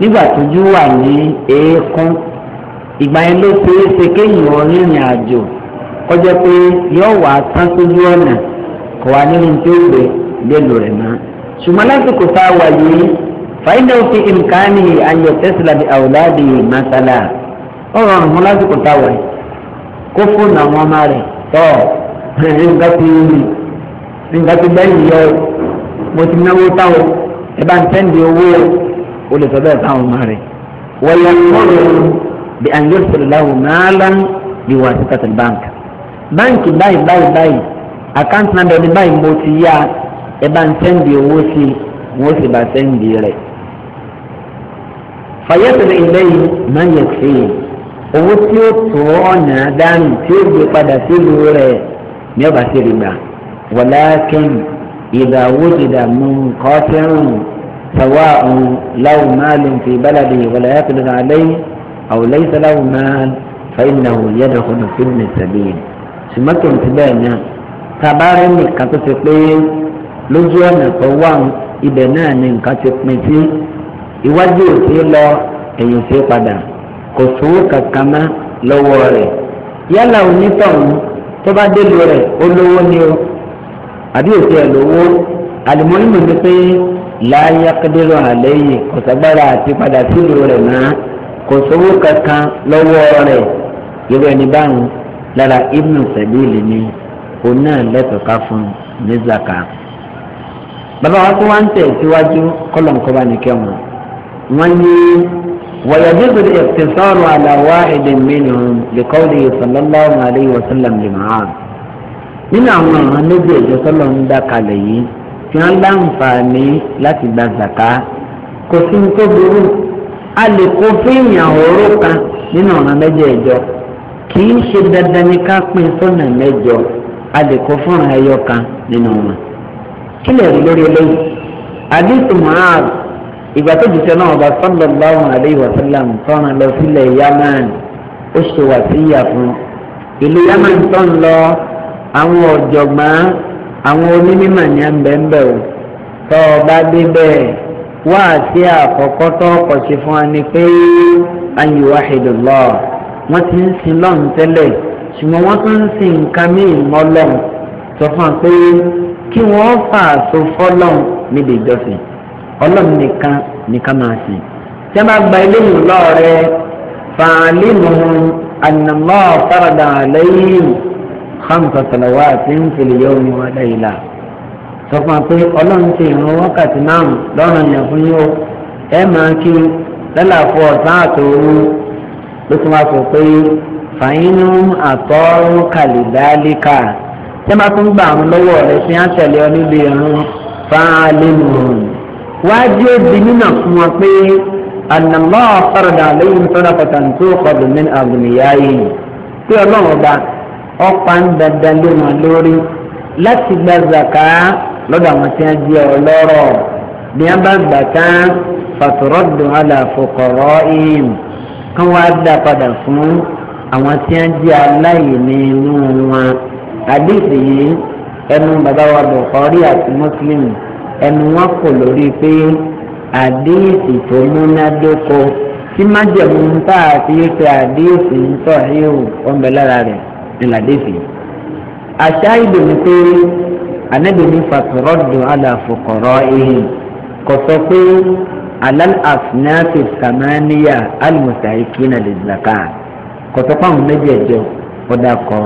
nígbà tójú wà ní eékún ìgbà yẹn ló ṣeé ṣe kéèyàn rìnrìn àjò kọjá pé yóò wà tán sójú ọ̀nà kò wá nínú tí ó gbé lélo rẹ̀ mọ́. ṣùgbọ́n lásìkò tá a wà yìí fàyínà òfin ìmùkánì ayọ̀ tẹ́sílà di àwòládì masala ọ̀rọ̀ ọ̀rùn fún lásìkò tá a wà yìí kó fóònù àwọn ọmọ rẹ̀ tọ́ nǹkan ti nǹkan ti yọ mo ti náwó táwọn ẹ bá ń tẹ́ǹdì owó o táwọn ọmọ rẹ̀ wọ́n yẹ kọ́ bí àyè sọ̀rọ̀ láwùmọ́ àlá ìwà sí kàtàlì báńkì báǹkì báyìí báyìí báyìí àkáǹtì náà bẹ̀rẹ̀ báyìí mo ti yá ẹ bá ń sẹ́ǹdì owó sí wọ́n sì bá sẹ́ǹdì rẹ̀. fàyẹ́sẹ̀rẹ̀ ilé yìí máa ń yẹ pé owó tí ó tó ọ̀nà dání tí ó gbé padà sílùú rẹ̀ ní ọba sí rìgbà wọ̀lákẹ́yìn ìdáwó ìdààmú kọ́sẹ́rùn سواء له مال في بلده ولا يقدر عليه أو ليس له مال فإنه يدخل في السبيل ṣùgbọ́n kì í ti bẹ́ẹ̀ náà tabarí nìkan tó ti pé lójú ọ̀nà tó wà ibẹ̀ náà ni nǹkan ti pin sí iwájú ò sí lọ ẹ̀yìn sí padà kò sówó kankan mọ́ lọ́wọ́ rẹ̀ yálà onítọ̀hún tó bá délu rẹ̀ ó lówó ni o àbí òsì ẹ̀ lówó àlùmọ́nìmọ̀ ni pé láyé kẹ́dẹ́rọ̀ àlẹ́yìn kò sagbára àti padà sílùú rẹ̀ náà kò sówó kankan lọ́wọ́ rẹ̀ irú ẹni báwọn lára ibnu sẹ̀bíìlì ni òun náà lẹ́tọ̀ọ́ká fún ní zaka. bàbá wa tó wá ń tẹ̀ síwájú kọ́lọ̀nkọ́ba nìkẹ́ wọn wọ́n ní ويجوز الاقتصار على واحد منهم لقوله صلى الله عليه وسلم لمعاذ nínú àwọn ọ̀ràn méjì ìjọ sọ́lọ́ ń dá kalẹ̀ yìí tí wọ́n láǹfààní láti gba zàká kò sí ní tó burú a lè kó fún ìyàn òóró kan nínú ọ̀ràn méjì ìjọ kì í ṣe dandan ní ká pín sọ́nà mẹ́jọ a lè kó fún ẹyọ kan nínú wọn. kí lè rí lórí eléyìí àdìsí ìgbà tó náà ọba sallallahu alayhi wa sallam tọ́nà lọ sílẹ̀ yaman ó ṣe wà sí ìyà ìlú yamani tọ́n lọ àwọn ọ̀jọ̀gbọ́n àwọn onímọ̀ ní ẹ̀ńbẹ̀ńbẹ̀ o tọ́ ọ bá dé bẹ́ẹ̀ wá sí àkọ́kọ́ tó kọ̀ sí fún wa ni pé wọ́n ti ń sin lọ́run tẹ́lẹ̀ ṣùgbọ́n wọ́n tún ń sin nǹkan míì mọ́ lọ́run sọ fún wa pé kí wọ́n fà so fọ́lọ́run níbi ìjọsìn ọlọ́run nìkan nìkan máa sìn tí wọ́n bá gba eléyìí lọ́ọ̀rẹ́ fàálìmù ànàmọ́ fàràdà lẹ́yìn hamsa salawa ti ń fìlè yọ omi wa lẹ́yìnlá sọ fún wa pé ọlọ́run ti ìrún wákàtí náà lọ́rùn yẹn fún yóò ẹ máa kí lálàfo ọ̀sán àtòwú ló tún wá sọ pé fàyínú àtọ́rù kàlìdálíkà tí wọ́n tún gbà wọn lọ́wọ́ rẹ̀ sí àtẹ̀lé oníbi ìrún fáálẹ́nu wájú òbí nínà fún wọn pé ànàmọ́ ọ̀fọ́rọ̀dà lẹ́yìn tó dàpọ̀tà tó kọ̀dùn ní àgùnìyá pé ọlọ́run ọba ọ̀pá ń dandan lé wọn lórí láti gba zaka lọ́dọ̀ àwọn tí wọ́n jẹ́ ọlọ́rọ̀ bí wọ́n bá gbà tán fàtúrọ̀dùn àlàfo kọ̀rọ̀ kán wá dá padà fún àwọn tí wọ́n jẹ́ aláìní inú wọn àdéhùn yìí ẹnu bàbá wa Bukhari àti Muslim ẹnu wọn kò lórí pé àdéhùn tó múnádóko tí májèmú tá a fi ṣe àdéhùn ń tọ̀ yóò bẹ lára rẹ̀ ńlá déhùn àṣà ìdùnnú pé anábìíní fàtúrọ́dù àlàfòkọ̀rọ̀ ìhìn kò sọ pé alal asnafi samaniya almusaikina lizaka kọtọkọ àwọn méjì ẹjọ ọdà kọ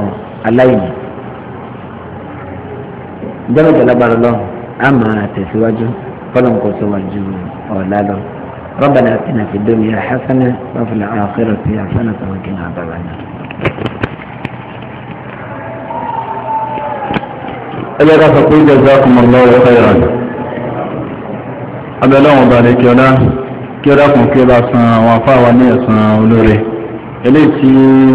aláìní ìjọba ìjọlágbára lọ a máa tẹsíwájú fọlọ́nkọ síwájú ọ̀la lọ ربنا اتنا في الدنيا حسنه وفي الاخره حسنه وقنا عذاب النار ẹlẹ́ka sọ pé jazakumullahu khairan abẹ́lọ́wọ̀n bàdé kí ọlá kí ọlá kùn kí ọlá san àwọn afáwa ní ẹ̀sán olóore eléyìí tí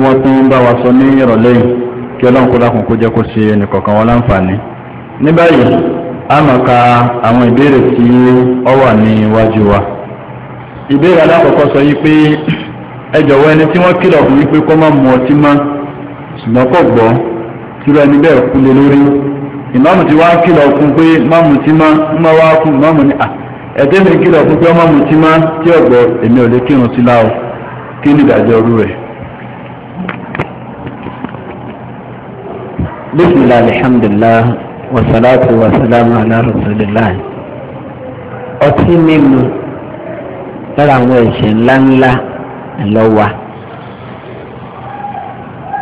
wọ́n tún bá wa sọ ní ìrọ̀lẹ́ yìí kí ọlọ́run kó dákun kó jẹ́ kó ṣe ẹnìkọ̀ọ̀kan wọn láǹfààní ní báyìí a máa ka àwọn ìbéèrè tí ó wà ní iwájú wa ìbéèrè alákọ̀ọ́kọ́ sọ yìí pé ẹ jọ̀wọ́ ẹni tí wọ́n kìlọ̀ fún wípé kó má mu ọtí mọ́ ṣùgbọ́n kò gbọ́ tìrọ ẹni bẹ́ẹ̀ kú lé lórí ìmáàmù tí wọ́n kìlọ̀ fún pé má mutí mọ́ ń má wá kú ìmáàmù ni à ẹ̀jẹ̀ mi kìlọ̀ fún pé ọmọ mi ti máa kí ọ̀gbọ́ èmi ò lè kírun sí láò kí ní ìdájọ́ ọrú rẹ̀. bisimilah alhamdulilah wasalaatu wasalaamu ala rasulillah ọtí mímu lára àwọn ẹ̀ṣẹ̀ ńláńlá ńlọ́wà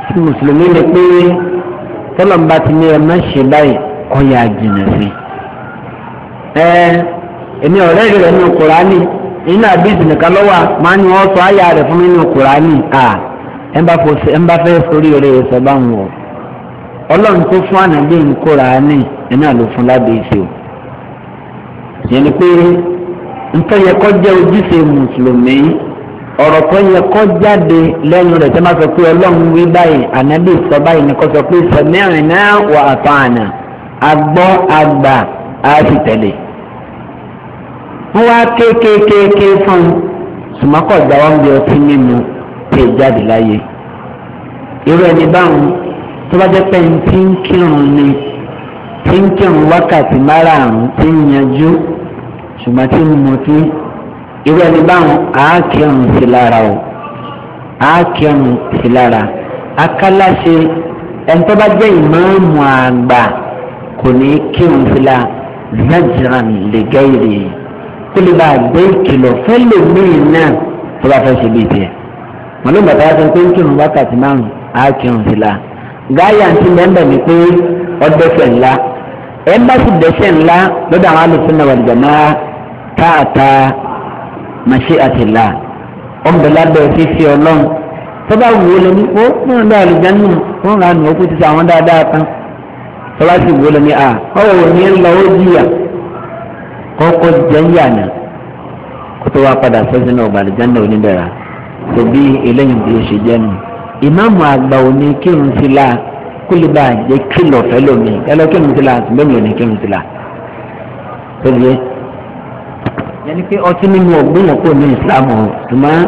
tí mùsùlùmí lè pé tọ́lọ́mbà ti ní ẹ má ṣe báyìí ọ̀yà jìnnà sí èmi ọ̀rẹ́ rẹ̀ nínú kùránì nínú àdìsí nìkan lọ́wọ́ máa ní wọ́n sọ rẹ̀ fún mi nínú kùránì à ẹ̀ bá fẹ́ sórí ń fún ànábì ń fún o yẹn ni mùsùlùmí ọ̀rọ̀ tó yẹ jáde lẹ́nu rẹ̀ tẹ́ máa sọ pé ọlọ́run wí báyìí ànábì sọ báyìí ni wọ́n wá kéékèèké fún un sùmọ́kọ̀ gba wọn bí ọtí mímu tẹ̀ jáde láyé irú ẹni báwọn tó bá jẹ́ pé ti ń kírun ni ti ń kírun wákàtí márààrún ti ń yanjú ṣùgbọ́n ti ń mutí irú ẹni báwọn àákírun sí lára o àákírun sí lára akáláṣe ẹni tó bá jẹ́ ìmáàmù àgbà kò ní kírun sí la zajran lè gẹ́ ìrèyìn kó lè bá àgbẹ̀ ìkìlọ̀ fẹ́lòmíì náà tó bá fẹ́ ṣe bíi tiẹ̀ wọn ló bàtà sọ pé ń kírun wákàtí márùn á kírun sí la gáyà ń ti mẹ́mbà ní pé ọdẹ́sẹ̀ ńlá ẹ̀mbàsì dẹ́sẹ̀ ńlá lọ́dọ̀ àwọn alùpùpù wal jamaa táàtà mashi'atillah ọ̀nbẹ̀lá bẹ̀rẹ̀ fífi ọlọ́run tọ́ba wò lé ní ó náà lọ àlùjánu wọn rà nù ó kú ti sọ àwọn dáadáa kan tọ́ba sì wò lé ní à kọ́kọ́ jẹ́yà nà kó tó wá padà sẹ́sìn náà ọgbà àlùjáná oníbẹ̀rà tó bí eléyìí bí ó ṣe jẹ́ nù. ìmáàmù àgbà òní kírun sí la kó lè bá jẹ́ kìlọ̀ fẹ́ lómi ẹ lọ kírun sí la ṣùgbọ́n mi ò ní kírun sí la. tó yẹ yẹni pé ọtí mímu ọgbọ́n wọn kò ní ìsìlámù ṣùgbọ́n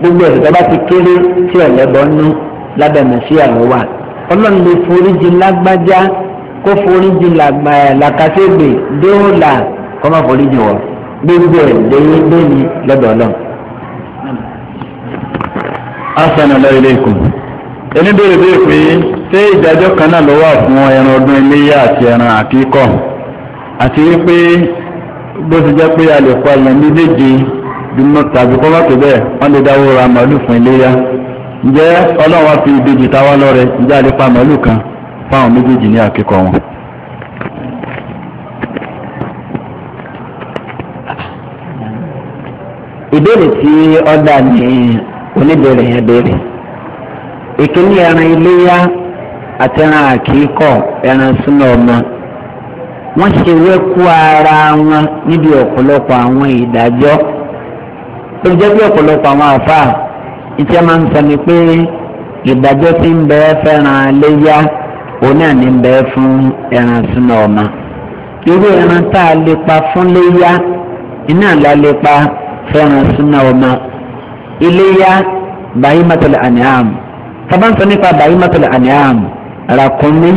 gbogbo ẹ̀sìn tó bá ti kéré tí ọ̀lẹ́bọ̀ ń nú lábẹ́ mẹ́síà lọ́wọ́ ọlọ́run lè foríjì lágbájá kó forí jì làkàṣègbè déhùlà kọ́ máa forí jì wọ́ gbogbo ẹ̀ lẹ́yìn lẹ́ni lọ́dọ̀ ọlọ́run. asana lọ ilé ikùn ẹni béèrè béèrè pé ṣé ìdájọ́ kan náà ló wà fún ẹran ọdún iléyà àti ẹran àkíkọ̀ àti wípé bó ti jẹ́ pé a lè pa ẹran méjèèjì dùnmọ́ tàbí kọ́ bá tó bẹ́ẹ̀ wọ́n lè dáwọ́ ra màálù fún iléyà ǹjẹ́ ọlọ́run wá fi ìbejì táwa lọ́rẹ̀ ǹjẹ́ a lè pa màálù kan. fáwọn méjèèjì ní àkẹ́kọ̀ọ́ wọn. ìbéèrè tí ní yẹn béèrè ìkíní ẹran àti ẹran ẹran ọmọ wọ́n ṣe wẹ́kú ara wọn níbi ọ̀pọ̀lọpọ̀ àwọn ìdájọ́ tó jẹ́ bí ọ̀pọ̀lọpọ̀ àwọn àfáà máa ń sọ ni pé òní àní ń bẹ fún ẹran súná ọmọ irú ẹran tá a lè pa fún léyà iná la lè pa fẹ́ràn súná ọmọ iléyà bahimatul an'am tabansa nípa bahimatul an'am ràkúnmí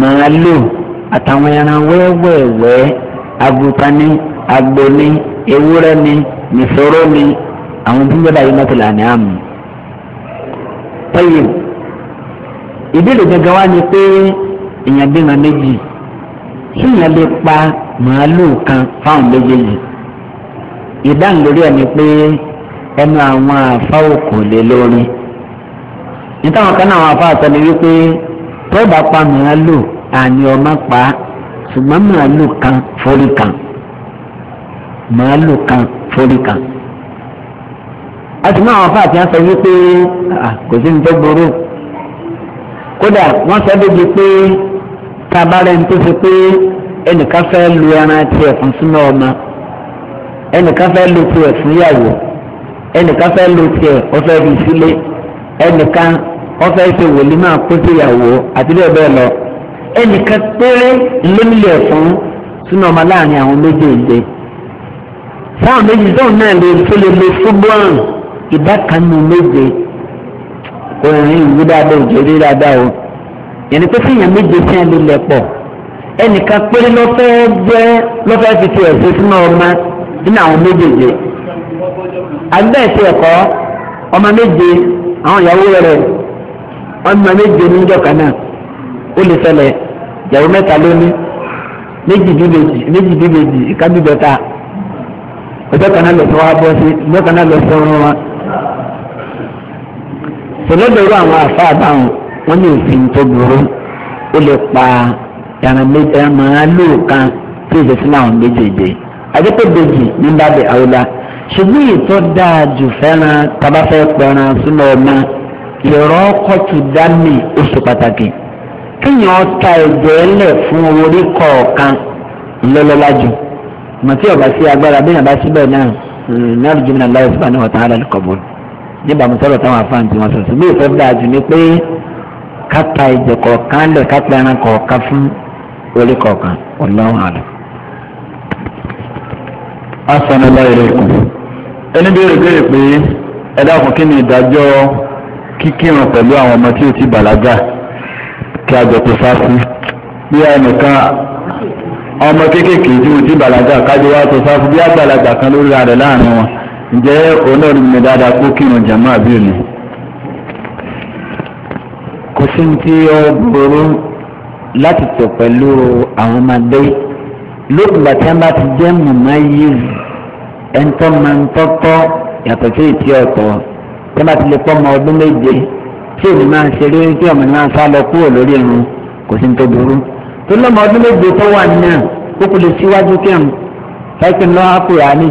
màálù àtàwọn ẹran wẹ́wẹ́wẹ́ agùntani agbóni ewúrẹ́ ni ni àwọn ìbéèrè gangan wá ni pé èèyàn bímọ méjì tí èèyàn lè pa màálùú kan fáwọn méjèèjì ìdáhùn lórí ẹ̀ ni pé ẹnu àwọn àfáwò kò lè lórí nítawọn kan náà àwọn àfáà sọ ni wípé tó bá pa màálùú àní ọmọ pa ṣùgbọ́n màálùú kan forí kan màálùú kan forí kan a sì máa àwọn àfáà ti ń sọ wípé kò sí ní tó burú kódà wọ́n sọ débi pé tabalẹ̀ ń tó fi pé ẹnìkan fẹ́ lu ẹran tiẹ̀ fún súnmọ́ ọmọ ẹnìkan fẹ́ lu tiẹ̀ fún yàwó ẹnìkan fẹ́ lu tiẹ̀ ó fẹ́ fi sílé ẹnìkan ó fẹ́ ṣe wòlímọ̀ kó sí yàwó àti bẹ́ẹ̀ bẹ́ẹ̀ lọ ẹnìkan péré lónìlẹ̀ fún súnmọ́ ọmọ láàrin àwọn méjèèjì sáwọn méjì tóun náà lè tó lè lo fúgbọ́n ìdá kan nù méje òrìrìn ìlú dáadáa òjò rí dáadáa o yẹn ni pé fíyàn méje sí ẹ lulẹ̀ pọ̀ ẹnìkan péré ló fẹ́ jẹ́ ló fẹ́ fi ti ẹ̀sìn sínú ọmọ nínú àwọn méjèèjì àgbẹ̀ ti ẹ̀kọ́ ọmọ méje àwọn ìyàwó rẹ̀ ọmọ méje níjọ kan náà ó lè ṣẹlẹ̀ ìyàwó mẹ́ta lónìí méjì bí méjì méjì bí méjì ìka ọjọ́ kan náà lọ sọ wá bọ́ sí ọjọ́ kan náà lọ sọ ọrùn wọn tòlódòrò àwọn àfáà báwọn wọn ní òfin tó burú ó lè pa ẹran màálù kan tí ìfẹ́ sínú àwọn méjèèjì adépèbèjì ní bàbá àwòlá ṣùgbọ́n ìtọ́ dáa jù fẹ́ràn tabafẹ́ pẹ̀ràn sínú ọmọ ìrọ̀ kọ́tù dání oṣù pàtàkì kéèyàn ta ẹ̀jẹ̀ ẹlẹ̀ fún orí kọ̀ọ̀kan lọ́lọ́lájú màtí ọ̀bá sí agbára bí nàbá síbẹ̀ náà náà lójú mi náà láyé síbẹ̀ náà wọ́n ta á níbàámu sọ̀rọ̀ táwọn afáàn tí wọ́n sọ sí. bí ìfẹ́ dáa jù ni pé kápá ìjẹ kọ̀ọ̀kan lẹ̀ kápá ẹran kọ̀ọ̀kan fún orí kọ̀ọ̀kan ọlọ́run àlọ́. asan aláìlẹ́kùn ẹni bí èrèbèrè pé ẹ dákun kí ni ìdájọ́ kíkírun pẹ̀lú àwọn ọmọ tí ò ti bàlágà kí a jọ pé fásitì bí ẹnìkan ọmọ kéékèèké tí ò ti bàlágà kájọ wá tó fásitì bí àgbàlagbà kan lórí ara rẹ̀ láàrin wọn ǹjẹ́ onóòrùn mi dáadáa kó kírun jàmá àbí òní kò sí ní tí ó burú láti tọ̀ pẹ̀lú àwọn ọmọdé lókùnbà tí wọ́n bá ti jẹ́ mọ̀mọ́ yìí ẹ̀ńtọ́ máa ń tọ́tọ́ yàtọ̀ sí ìtì ọ̀tọ̀ tí wọ́n bá ti lè pọ́ ọmọ ọdún méje tí èmi máa ń ṣeré tí ọmọ náà sá lọ kúrò lórí irun kò sí tó burú tó lọ́mọ ọdún méje tó wà náà ó kú lè síwájú kírun láìpẹ́ ńlọ́ àpò rà á ní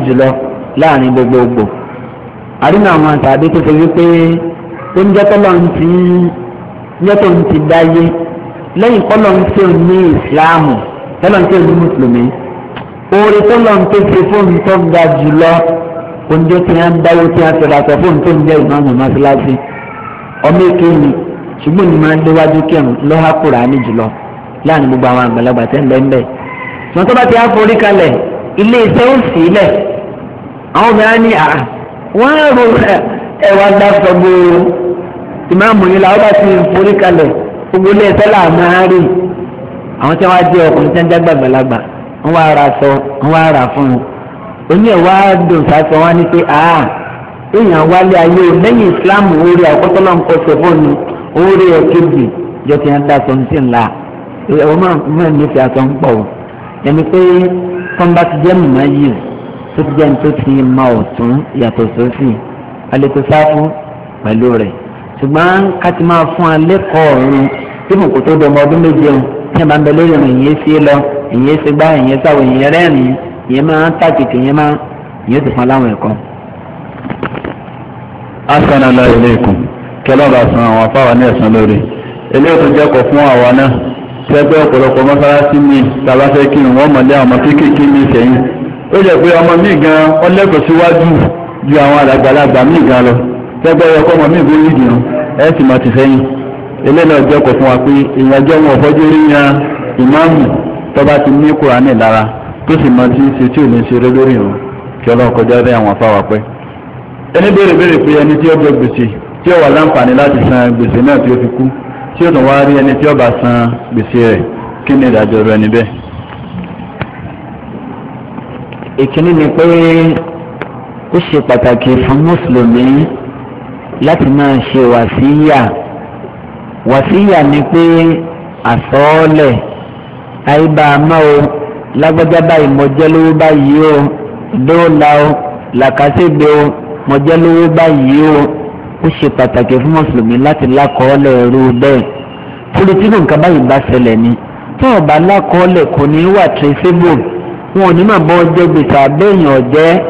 láàrin gbogbogbò àdínà àwọn tàbí tó fi wípé tó ń jẹ́tọ́lọ́ ń ti jẹ́tọ́ ń ti dáyé lẹ́yìn kọ́lọ́ ń fi ní ìsìláàmù tọ́lọ́ ń fi ní mùsùlùmí oore tọ́lọ́ ń tó fi fóun tó ga jùlọ oúnjẹ tí wọ́n ń dáwó tí wọ́n fi ra sọ fóun tó ń jẹ́ ìmáàmù mọ́sálásí ọmọ èké ni ṣùgbọ́n ní máa ń léwájú kírun lọ́ha Kùránì jùlọ láàrin gbogbo àwọn àgbàlagbà tẹ́ ń bẹ́ẹ̀ àwọn obìnrin ní à ah, wọ́n á rò ẹ wá ìmáàmù yìí làwọn bá ti forí kalẹ̀ gbogbo ilé ẹ̀fẹ́ là máa àwọn tí wọ́n á jẹ́ ọkùnrin tí ra sọ wọ́n wá ra fún un oní ẹ̀ dùn sásọ wá ní ah, o lẹ́yìn ìsìláàmù orí àkọ́tọ́ ń kọ́ fóònù orí ẹ̀ jọ ti ń ní ńlá fi ń pọ̀ tó ti jẹ́ ní tó ti ma ọ̀tún yàtọ̀ sósì alẹ́kọ̀ọ́ sáfù pẹ̀lú rẹ̀ ṣùgbọ́n ká ti máa fún alẹ́kọ̀ọ́ ọ̀run tí mo kò tó dọmọ ọdún méje o tí ẹ máa ń bẹ lórí ìrìn ìyẹn sí lọ ìyẹn sí gbá ìyẹn sáwọ ìyẹn rẹ́rìn ìyẹn máa ń tàkìtì ìyẹn máa ìyẹn ti fún aláwọn ẹ̀kọ́. asànàlá ìlẹ́kùn kẹlọ́ọ̀bà san àwọn afáwa ní ẹ̀sán lórí eléyìí jẹ́ kọ̀ fún àwa náà tẹ́gbẹ́ ọ̀pọ̀lọpọ̀ mọ́sálásí mi tàbá fẹ́ kírun wọ́n mọ̀lẹ́ àwọn kéékèèké mi sẹ́yìn ó jẹ́ pé ọmọ míì gan ọlẹ́kọ̀ọ́ síwájú ju àwọn àgbàlagbà míì gan lọ tẹ́gbẹ́ ẹ̀kọ́ ọmọ míì gbóyè ìdìyàn ẹ̀ sì máa ti sẹ́yìn eléyìí ọjọ́ kọ̀ fún wa pé ìyànjọ́ wọn ọ̀fọ́jú rí yan ìmáàmù tó bá ti ní kúránì lára tó sì máa ti ṣe tí ò ní ṣeré lórí ìrùn kí ọlọ́run kọjá rí àwọn afáwà pẹ́. ẹni béèrè béèrè pé ẹni tí ó gbé gbèsè tí ó wà láǹfààní láti san gbèsè náà tí ó fi kú tí ó tún wá rí ẹni tí ó bá san gbèsè rẹ̀ kí ni ìdájọ́ rẹ̀ níbẹ̀ ìkíní ni pé ó ṣe pàtàkì fún mùsùlùmí láti máa ṣe wàsíyà wàsíyà ni pé àsọọ́lẹ̀ àìbá àmọ́ o lágbájá báyìí mo jẹ́ lówó báyìí o dóòlà o làkàṣègbè o mo jẹ́ lówó báyìí o ó ṣe pàtàkì fún mùsùlùmí láti lákọọ́lẹ̀ rú bẹ́ẹ̀ torí tí nǹkan báyìí bá ṣẹlẹ̀ ni tó o bá lákọọ́lẹ̀ kò ní wà traceable wọn ò ní mà bọ́ jẹ gbèsè àbẹ́yìn ọ̀jẹ́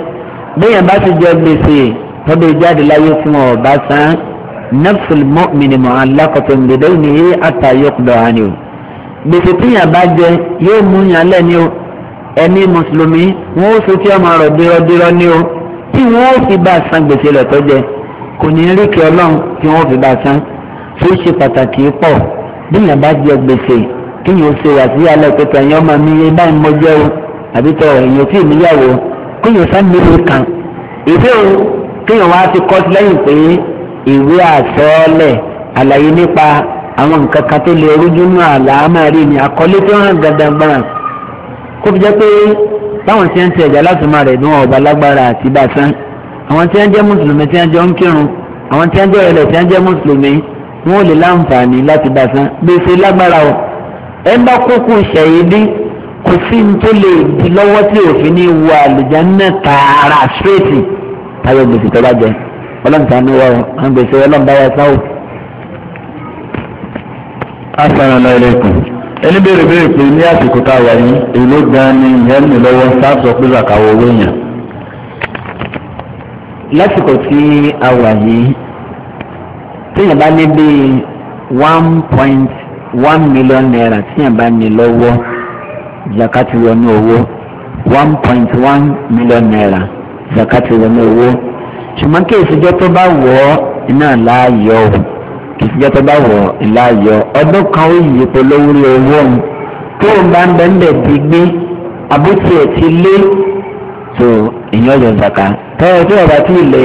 bẹ́yìn bá ti jẹ gbèsè tọ́bí jáde láyé fún ọ bá san nafsul mu'mini mu'allaqatu bidaynihi hatta yuqda anhu o gbèsè tíyàn bá jẹ yóò mú yàn lẹ́ni o ẹ̀mí mùsùlùmí wọn ó so tí ọmọ rẹ̀ dírọ́dírọ́ ní o tí wọn ó fi bá san gbèsè lẹ̀ tó jẹ kò ní rí kí ọlọ́run tí wọn ó fi bá san tó ṣe pàtàkì pọ̀ bẹ́yìn bá jẹ gbèsè kíyàn ó ṣe wà sí alẹ́ pẹ̀tẹ̀ ẹ̀yìn ọmọ mi yé báyìí mo jẹ́ o àbítọ èèyàn tí ìmúyàwó kéèyàn sáàmìlì kan ìfẹ́ o kéèyàn wá ti kọ́ lẹ́yìn pé ìwé àsọọ́lẹ̀ àlàyé nípa àwọn nǹkan kan tó lè rújú nù àlàámàrí ni àkọlé tó hàn gàdàgbàrà kó fi jẹ́ pé báwọn tí ń ti ẹ̀jẹ̀ látùmọ̀ rẹ̀ ní wọn ọba lágbára àti bàtán àwọn tí ń jẹ́ mùsùlùmí tí ń jọ ń kírun àwọn tí ń jẹ́ ẹlẹ̀ tí ń jẹ́ mùsùlùmí wọn ò lè láǹfààní láti bàtán gbèsè lágbára o ẹ bá kúkú ṣẹ̀yìn dín kò sí ní tó lè di lọ́wọ́ tí òfin ní wọ àlùjáná tààrà ṣírètì táyọ̀ gbèsè tó bá jẹ ọlọ́mùtà ní wọ́ọ̀ àwọn gbèsè ọlọ́mùbá wa sáwò. Assalamu alaikum ẹni béèrè béèrè pé ní àsìkò tá a wà yìí èló gan ni ìyẹn mi lọ́wọ́ sáàsọ pé làkàwọ owó yẹn. lásìkò tí a wà yìí téèyàn bá ní bíi one point one million naira téèyàn bá ní lọ́wọ́ zakati wọnú owó one point one million naira zakati wọnú owó ṣùgbọ́n kí ìṣèjọ́ tó bá wọ̀ ọ́ iná láàyò kì í ṣèjọ́ tó bá wọ̀ ọ́ láàyò ọdún kan ó yí ipò lówórí owó òun tó o bá ń bẹ́ẹ̀ bẹ́ẹ̀ ti gbé abúti ẹ̀ ti lé tó ìyẹn yọ zaka tẹ́wọ́ tí ọba ti lé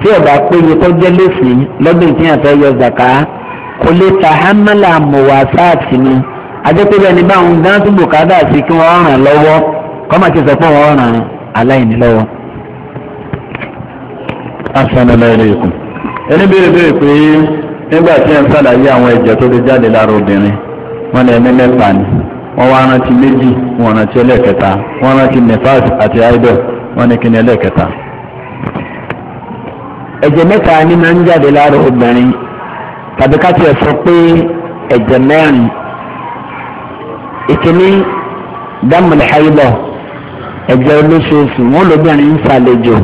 tí ọba péye tó jẹ́ lẹ́sìn lọ́dún tí yàn zaka kò lè ta hamala mọ̀wá sáà tì ajẹ́pẹ́lẹ́ ní báwọn gán tún bùkádà sí kí wọ́n ràn lọ́wọ́ kọ́mà ti sọ fún wọn ràn aláìní lọ́wọ́. asanilẹ́yìnkùn ẹni béèrè béèrè pé nígbà tí ẹ ń ṣàlàyé àwọn ẹ̀jẹ̀ tó lè jáde lára obìnrin wọn lè ní mẹ́fà ni wọ́n wá rántí méjì rántí wọ́n rántí nefas àti idol wọ́n ní ẹ̀jẹ̀ mẹ́ta ni máa ń jáde lára obìnrin tàbí ká sọ pé ẹ̀jẹ̀ mẹ́rin ìkíní dámúlẹ̀ ayébọ̀ ẹ̀jẹ̀ olóṣooṣù wọn lóbìnrin ń ṣàlejò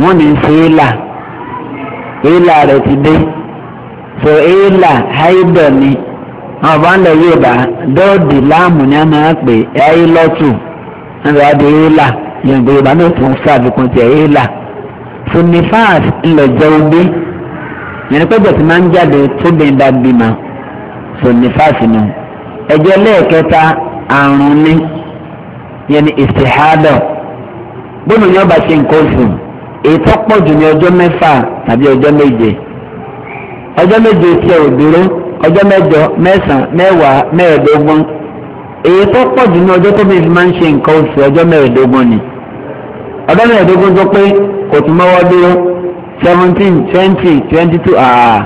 wọn ní í ṣe é là ìlà rẹ̀ ti dé so ìlà ayébọ̀ ni àwọn bá ń lọ yé bá dọ́ọ̀dì láàmù ni a máa pè é ayélọ́tù ń lọ adé ìlà yẹnbó yorùbá náà tún ṣàfikún tiẹ̀ ìlà so nifas ńlọ jẹ́ ogbé yẹn ni pẹ́jọ́ ti máa ń jáde tóbi ń bá bímọ so nù. No ẹ̀jẹ̀ lẹ́ẹ̀kẹta àrùn ni yẹn ni ìsìhádà bóun ni ọba ṣe nǹkan oṣù èyí tó pọ̀ jù ní ọjọ́ mẹ́fà tàbí ọjọ́ méje ọjọ́ méje tí ẹ ò dúró ọjọ́ mẹ́jọ mẹ́sàn-án mẹ́wàá mẹ́ẹ̀ẹ́dógún èyí pọ̀ jù ní ọjọ́ tó bí fi máa ń ṣe nǹkan oṣù ọjọ́ mẹ́ẹ̀ẹ́dógún ni ọjọ́ mẹ́ẹ̀ẹ́dógún tó pé kò tún mọ́wọ́ dúró seventeen twenty twenty two ah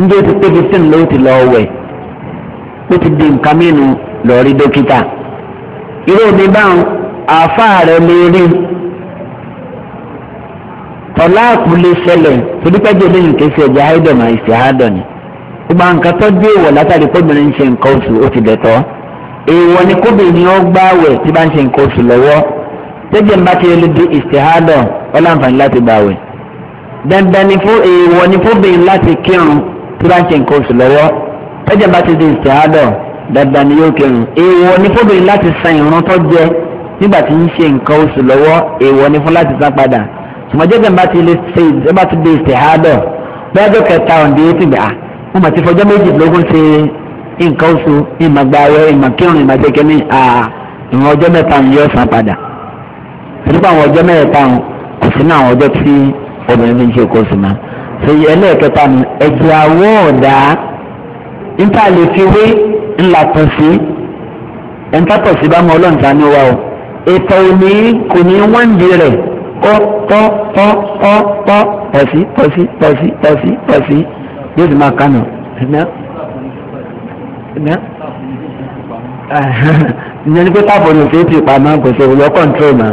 ń dé ti pé fifteen ló ti lọ wẹ̀ ó ti di nǹkan mìíràn lọ rí dókítà irú omi báwọn àáfàá rẹ lè rí tọ́láàkù lè ṣẹlẹ̀ torípẹ́jọ lẹ́yìn kẹsì ẹ̀jẹ̀ àìdọ̀nà ìṣèhádọ̀ ni gbogbo nǹkan tó dé ìwọ̀ látàrí kóbìnrin ń ṣe nǹkan oṣù ó ti dẹ̀tọ́ èèwọ̀ ni kóbìnrin ó gbààwẹ̀ tí bá ń ṣe nǹkan oṣù lọ́wọ́ tẹ́jẹ̀ ń bá ti lè di ìṣèhádọ̀ ó láǹfààní láti gbààwẹ̀ dandan ni fún èèwọ̀ ni fóbìnrin láti kírun tí bá ń ṣe nǹkan oṣù lọ́wọ́ tẹ́jẹ̀ bá ti di ìsìádọ̀ dandan ni yóò kírun èèwọ̀ ni fóbìnrin láti san ìrun tó jẹ nígbà tí ń ṣe nǹkan oṣù lọ́wọ́ èèwọ̀ ni fún láti san padà sùmọ́jẹ́jẹ̀ bá ti lè ṣe ti di ìsìádọ̀ bẹ́ẹ̀dọ̀ kẹta ọ̀dẹ́ yóò ti gbà wọ́n mà ti fọjọ́ méjìlélógún ṣe nǹkan oṣù ìmọ̀gbàwẹ̀ ìmọ̀kírun ìmọ̀jẹ̀kẹ́ ní ìwọ̀n ọjọ́ mẹ́ta ni yóò san padà nípa àwọn ọjọ́ mẹ́ta kò sí ní àwọn ọjọ́ tí obìnrin fi ń ṣe kóṣù náà ṣe ẹlẹ́ẹ̀kẹta níta lè fi wé ńlá tàn sí ẹ̀ńtà tọ̀ sí bá mọ ọlọ́run ta ni wa o ètò òní kò ní wọ́n di rẹ̀ kọ́ kọ́ kọ́ kọ́ kọ́ pọ̀sí pọ̀sí pọ̀sí pọ̀sí pọ̀sí yóò sì máa kánà ìyẹn ni pé táàbù ní òfin ti pamọ́ kò sí òwúrọ̀ kọ́ńtrol mọ́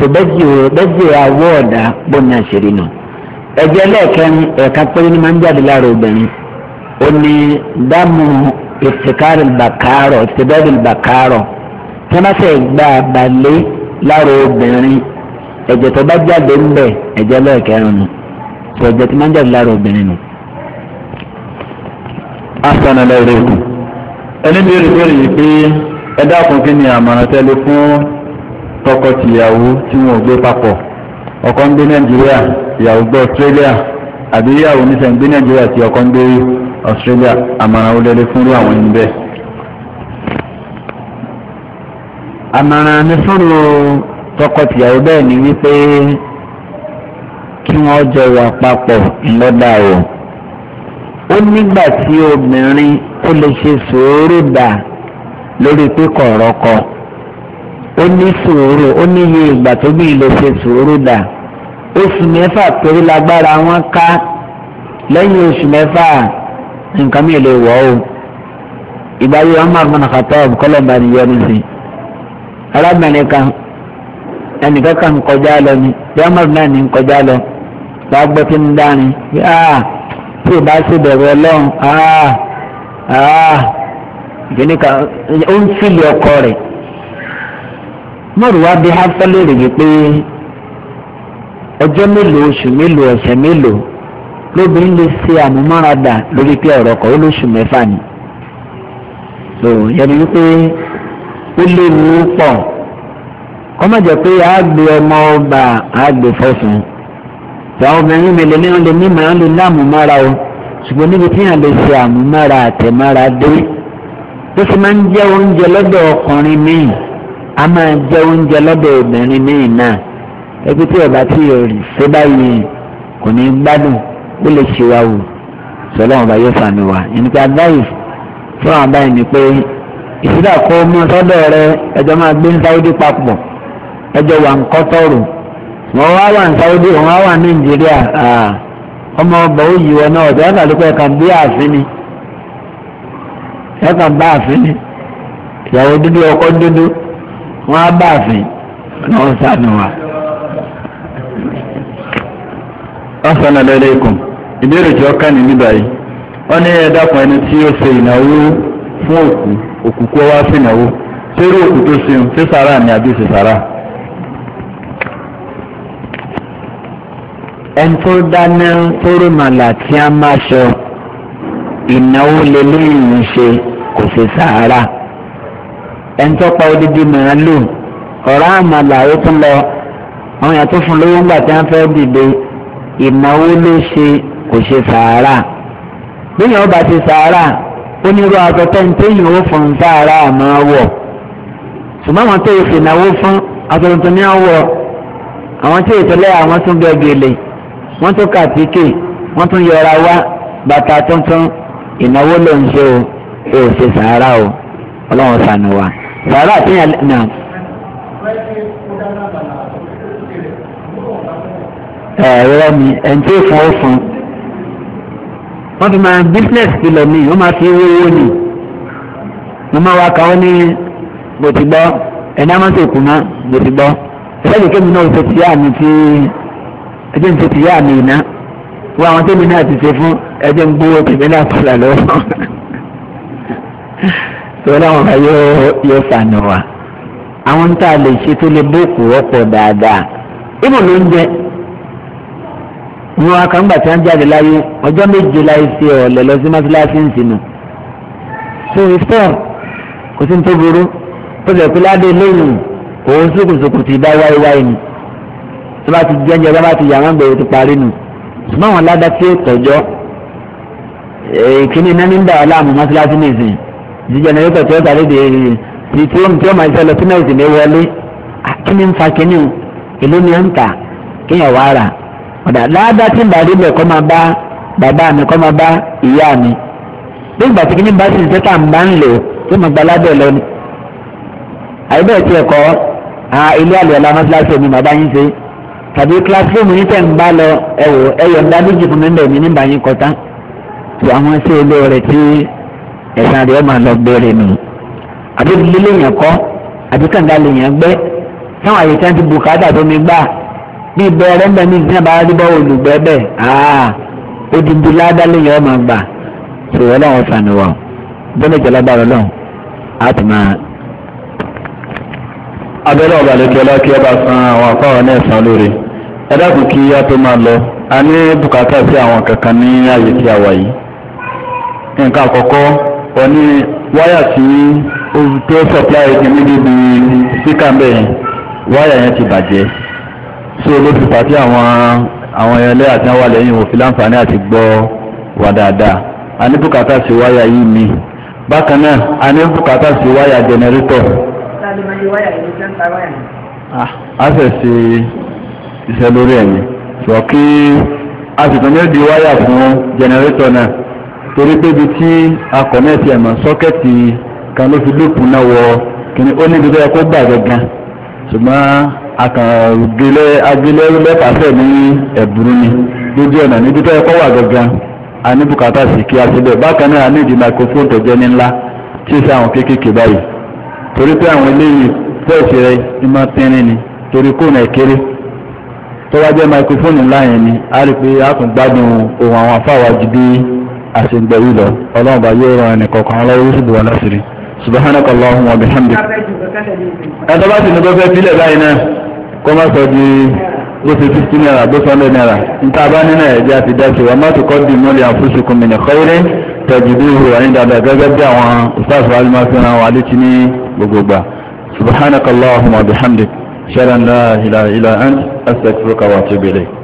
so bẹ́jì o bẹ́jì àwọ̀ ọ̀dà bọ́ọ̀nà àṣírí nù ẹ̀jẹ̀ lẹ́ẹ̀kẹrin ẹ̀ka péré ni máa ń jáde lára obìnrin ó ní dáàmú ìsìkárì bàkárọ̀ ìsìbẹ́rì bàkárọ̀ tí wọ́n bá fẹ́ gba àbálẹ́ lára obìnrin ẹ̀jẹ̀ tó bá jáde ń bẹ̀ ẹ̀jẹ̀ lọ́ọ̀kẹ́rin nù tó ẹ̀jẹ̀ tó máa ń jáde lára obìnrin nù. asana lẹ́rọ ikùn ẹni bí rìbẹ̀rì yìí pé ẹ dákun ni àmọ̀ràn tẹ́lẹ̀ fún tọkọ-tìyàwó tí wọn gbé papọ̀ ọkọ ń gbé Nàìjíríà ìyàwó gbé Australia àbí ìyàwó nísàn gbé Nàìjíríà tí ọkọ ń gbé Australia àmàràwọlẹ́lẹ́ fún rí àwọn ẹni bẹ́ẹ̀. àmàrà mi fọ́nrọ̀ tọkọtìyàwó bẹ́ẹ̀ ni wípé kí wọ́n jọ wà papọ̀ ńlọ́dà o. ó nígbà tí obìnrin ó lè ṣe sùúrù dà lórí pípọ̀ ọ̀rọ̀kọ ó ní ó níye ṣe dà oṣù mẹ́fà péré wọn ká lẹ́yìn oṣù mẹ́fà nǹkan mi lè wọ̀ o ìgbàlú Umar bin Khattab kọlọmba ni yẹnu sí arábìnrin kan ẹnìkan kan kọjá lọ ni bí Umar náà ní kọjá lọ lágbó tí ń dání bí a ah, tí ì bá sì bẹ̀rù ọlọ́run a ah, a ah. ìkíní kan ó ń fìlì ọkọ rẹ̀ mọ̀rùwá bí hafẹ́ lè rèé pé ọjọ́ mélòó oṣù mélòó ọ̀sẹ̀ mélòó lóbìnrin lè ṣe àmúmáradà lórí pé ọ̀rọ̀ ọkọ olóṣù mẹ́fà ni so yẹni wípé ó léwu pọ̀ kọ́mọ̀jẹ̀ pé àgbè ọmọ ọba àgbè fọ́sùn àwọn obìnrin mi lè ní wọn lè ní màá lè láàmúmára o ṣùgbọ́n níbi tí yàn lè ṣe àmúmára àtẹ̀mára dé tó sì máa ń jẹ́ oúnjẹ lọ́dọ̀ ọkùnrin míì a máa jẹ́ oúnjẹ lọ́dọ̀ obìnrin míì náà ẹgbẹ́ tí ọba tí yóò rí ṣe báyìí kò ní gbádùn ó lè ṣe wa wò sọlọ́wọ́n bá yóò sàmì wa ẹnìkí advice fún àwọn báyìí ni pé ìṣúdà sọ́dọ̀ rẹ ẹjọ́ máa gbé ní sáwọ́dí papọ̀ ẹjọ́ wà ń kọ́tọ́rù wọ́n wá wà ní sáwọ́dí wọ́n wá wà ní nàìjíríà ọmọ ọgbà náà ọkọ dúdú wọ́n á bá ìbéèrè tí ó kàn ní níbà yìí wọ́n ní ẹ̀dàkùn ẹni tí ó ṣe ìnáwó fún òkú òkú kó wá sí ìnáwó ṣé irú òkú tó ṣeun ṣé sàrà ni àbí ṣe sàrà. ẹni tó dáná tó màlà tí a máa ṣọ ìnáwó lélẹ́yìn ṣe kò ṣe sàrà ẹni tó pa odidi màálù ọ̀rọ̀ àmàlà ó tún lọ àwọn yàtọ̀ fún lówó ńgbà tí wọ́n fẹ́ dìde ìnáwó ló ṣe kò ṣe sàárà bíyàn ọba ti sàárà onírú aṣọ tẹ́ǹtẹ́yìn ó fún sàárà máa wọ̀ ṣùgbọ́n àwọn tó ìfì náwó fún aṣọ tuntun ní àwọ̀ àwọn tí ìtọ́lẹ̀ àwọn tún bẹ́ẹ̀ gèlè wọ́n tún kàtíkè wọ́n tún yọra wá bàtà tuntun ìnáwó ló ń ṣe o ò ṣe sàárà o ọlọ́run sànù wa sàárà tí yàn ẹ̀rọ mi ẹ̀ ń tí ì fún ó fún wọ́n fi máa business fi lọ ní wọ́n máa fi owó owó ní mo máa wá ka wọ́n ní bó ti gbọ́ ẹ̀dá máa ń sèkú mọ́ bó ti gbọ́ ìfẹ́lẹ̀ kébì náà ṣe tìyá mi ti ẹjẹ́ ń ṣe tìyá mi iná wọ́n àwọn tẹ́mi náà ti ṣe fún ẹjẹ́ ń gbówó tèmi náà padà lọ́wọ́ tó láwọn ọba yóò fànà wá àwọn ń tà lè ṣe tó lè bókù ọ̀pọ̀ dáadáa ìmọ̀ ló ń jẹ́ ní wọn akàǹgbà tí wọn jáde láyé ọjọ́ méje láyé sí ọ̀lẹ́ lọ sí mọ́sálásí ń sinmi so ìfẹ́ kò sí ní tó burú ó sì pé ládé lóyún òun sókòsókò ti dá wáyéwáyé ni tó bá ti jẹ́njẹ́ tó bá ti yàrá gbèrò ti parí nù ṣùgbọ́n àwọn ládá tí ó tọ̀jọ́ ìkíní eh, iná ní ń dà wà láàmú mọ́sálásí nìsín ti jẹnẹrétọ̀ tí ó tà léde èrè ti tí ó ń tí ó máa ń sẹ́lọ tí náà sì ọ̀dà dáadáa tí ń bá rí bẹ̀ kọ́ máa bá bàbá mi kọ́ máa bá ìyá mi bí ìgbà tí kìíní bá sì ń ṣe tá à ń bá ń lò tí mo gba lábẹ́ lọ ni. àìbẹ̀ tí ẹ̀kọ́ ilé àlè ọ̀la mọ́sálásí mi màá bá yín ṣe tàbí kílásírúmù yín tẹ̀ ń bá lọ ẹ̀wò ẹ̀yọ̀ ńlá méjì fún mi ń bẹ̀ mí nígbà yín kọta tó àwọn sí ilé rẹ̀ tí ẹ̀sán rẹ̀ máa lọ bẹ̀rẹ̀ nù. àbí lílé yẹn kọ́ àbí kàńdá lè yẹn gbẹ́ táwọn àyè bí bẹ̀rẹ̀ bẹ̀ ní ìsìn àbára rí bọ́ọ̀ olùgbẹ́ bẹ̀ áà odindi ládàlẹ́ yẹn ọmọ gbà tó ọlọ́run fani wọ̀ bẹ́ẹ̀ jẹ́ lágbára ọlọ́run á ti máa. abẹ́rẹ́ ọ̀bàlẹ̀kẹ́ ọlọ́kẹ́ ọba san àwọn afáwọn náà san lórí ẹ dákun kí á tó máa lọ a ní bùkátà sí àwọn kankan ní ààyè tí a wà yìí nǹkan àkọ́kọ́ ọ ní wáyà tí ó tó supply kìíní bíi síkà bẹ́ẹ̀ wáyà yẹn ti bàjẹ́ ṣé olóṣù pàtí àwọn àwọn ẹlẹ́ àti àwọn àlẹ́yìn òfin láǹfààní àti gbọ́ wà dáadáa a ní bùkátà sí wáyà yìí mi bákan náà a ní bùkátà sí wáyà jẹnẹrétọ̀. Ah, a fẹ́ ṣe iṣẹ́ lórí ẹ̀yìn sọ kí a di wáyà fún jẹnẹrétọ̀ náà torí pé ibi tí a kọ̀nẹ́ẹ̀tì ẹ̀mọ̀ sọ́kẹ́ẹ̀tì kan ló fi lóòpù náà wọ kíni ó níbi tó yẹ kó gbà gẹ́gẹ́ ṣùgbọ́n àkàngilé agilé lẹ́pàṣẹ ní ẹ̀bùrú ni lójú ọ̀nà níbi tó yẹ wà gangan a ní bùkátà sí kí a síbẹ̀ bákan náà a ní ìdí microphone tó jẹ́ ní ńlá tí ó ṣe àwọn kéékèèké báyìí torí pé àwọn eléyìí fẹ́ẹ̀sì rẹ ni torí kóònù ẹ̀ kéré tó wá jẹ́ microphone a rí pé a gbádùn ohun àwọn afáwájú bí a ṣe ń gbẹ yìí lọ ọlọ́run bá yóò ran lọ́wọ́ sì bù wọn kọ́mọ́ sọ di bó ṣe fifty naira bó sọ hundred naira níta bá nínú ẹ̀jẹ̀ àti dáṣe wà má tó kọ́ di mọ́lẹ̀ àfúnṣukùn mi nìkan eré tẹ̀jú bí ìhùwà ní dáadáa gẹ́gẹ́ bí àwọn ustaz wa alimá fi ran wa létí ní gbogbogbà subhanakallahumma wa bihamdik shadan la ilaha illa ant astaghfiruka wa atubu ilayk.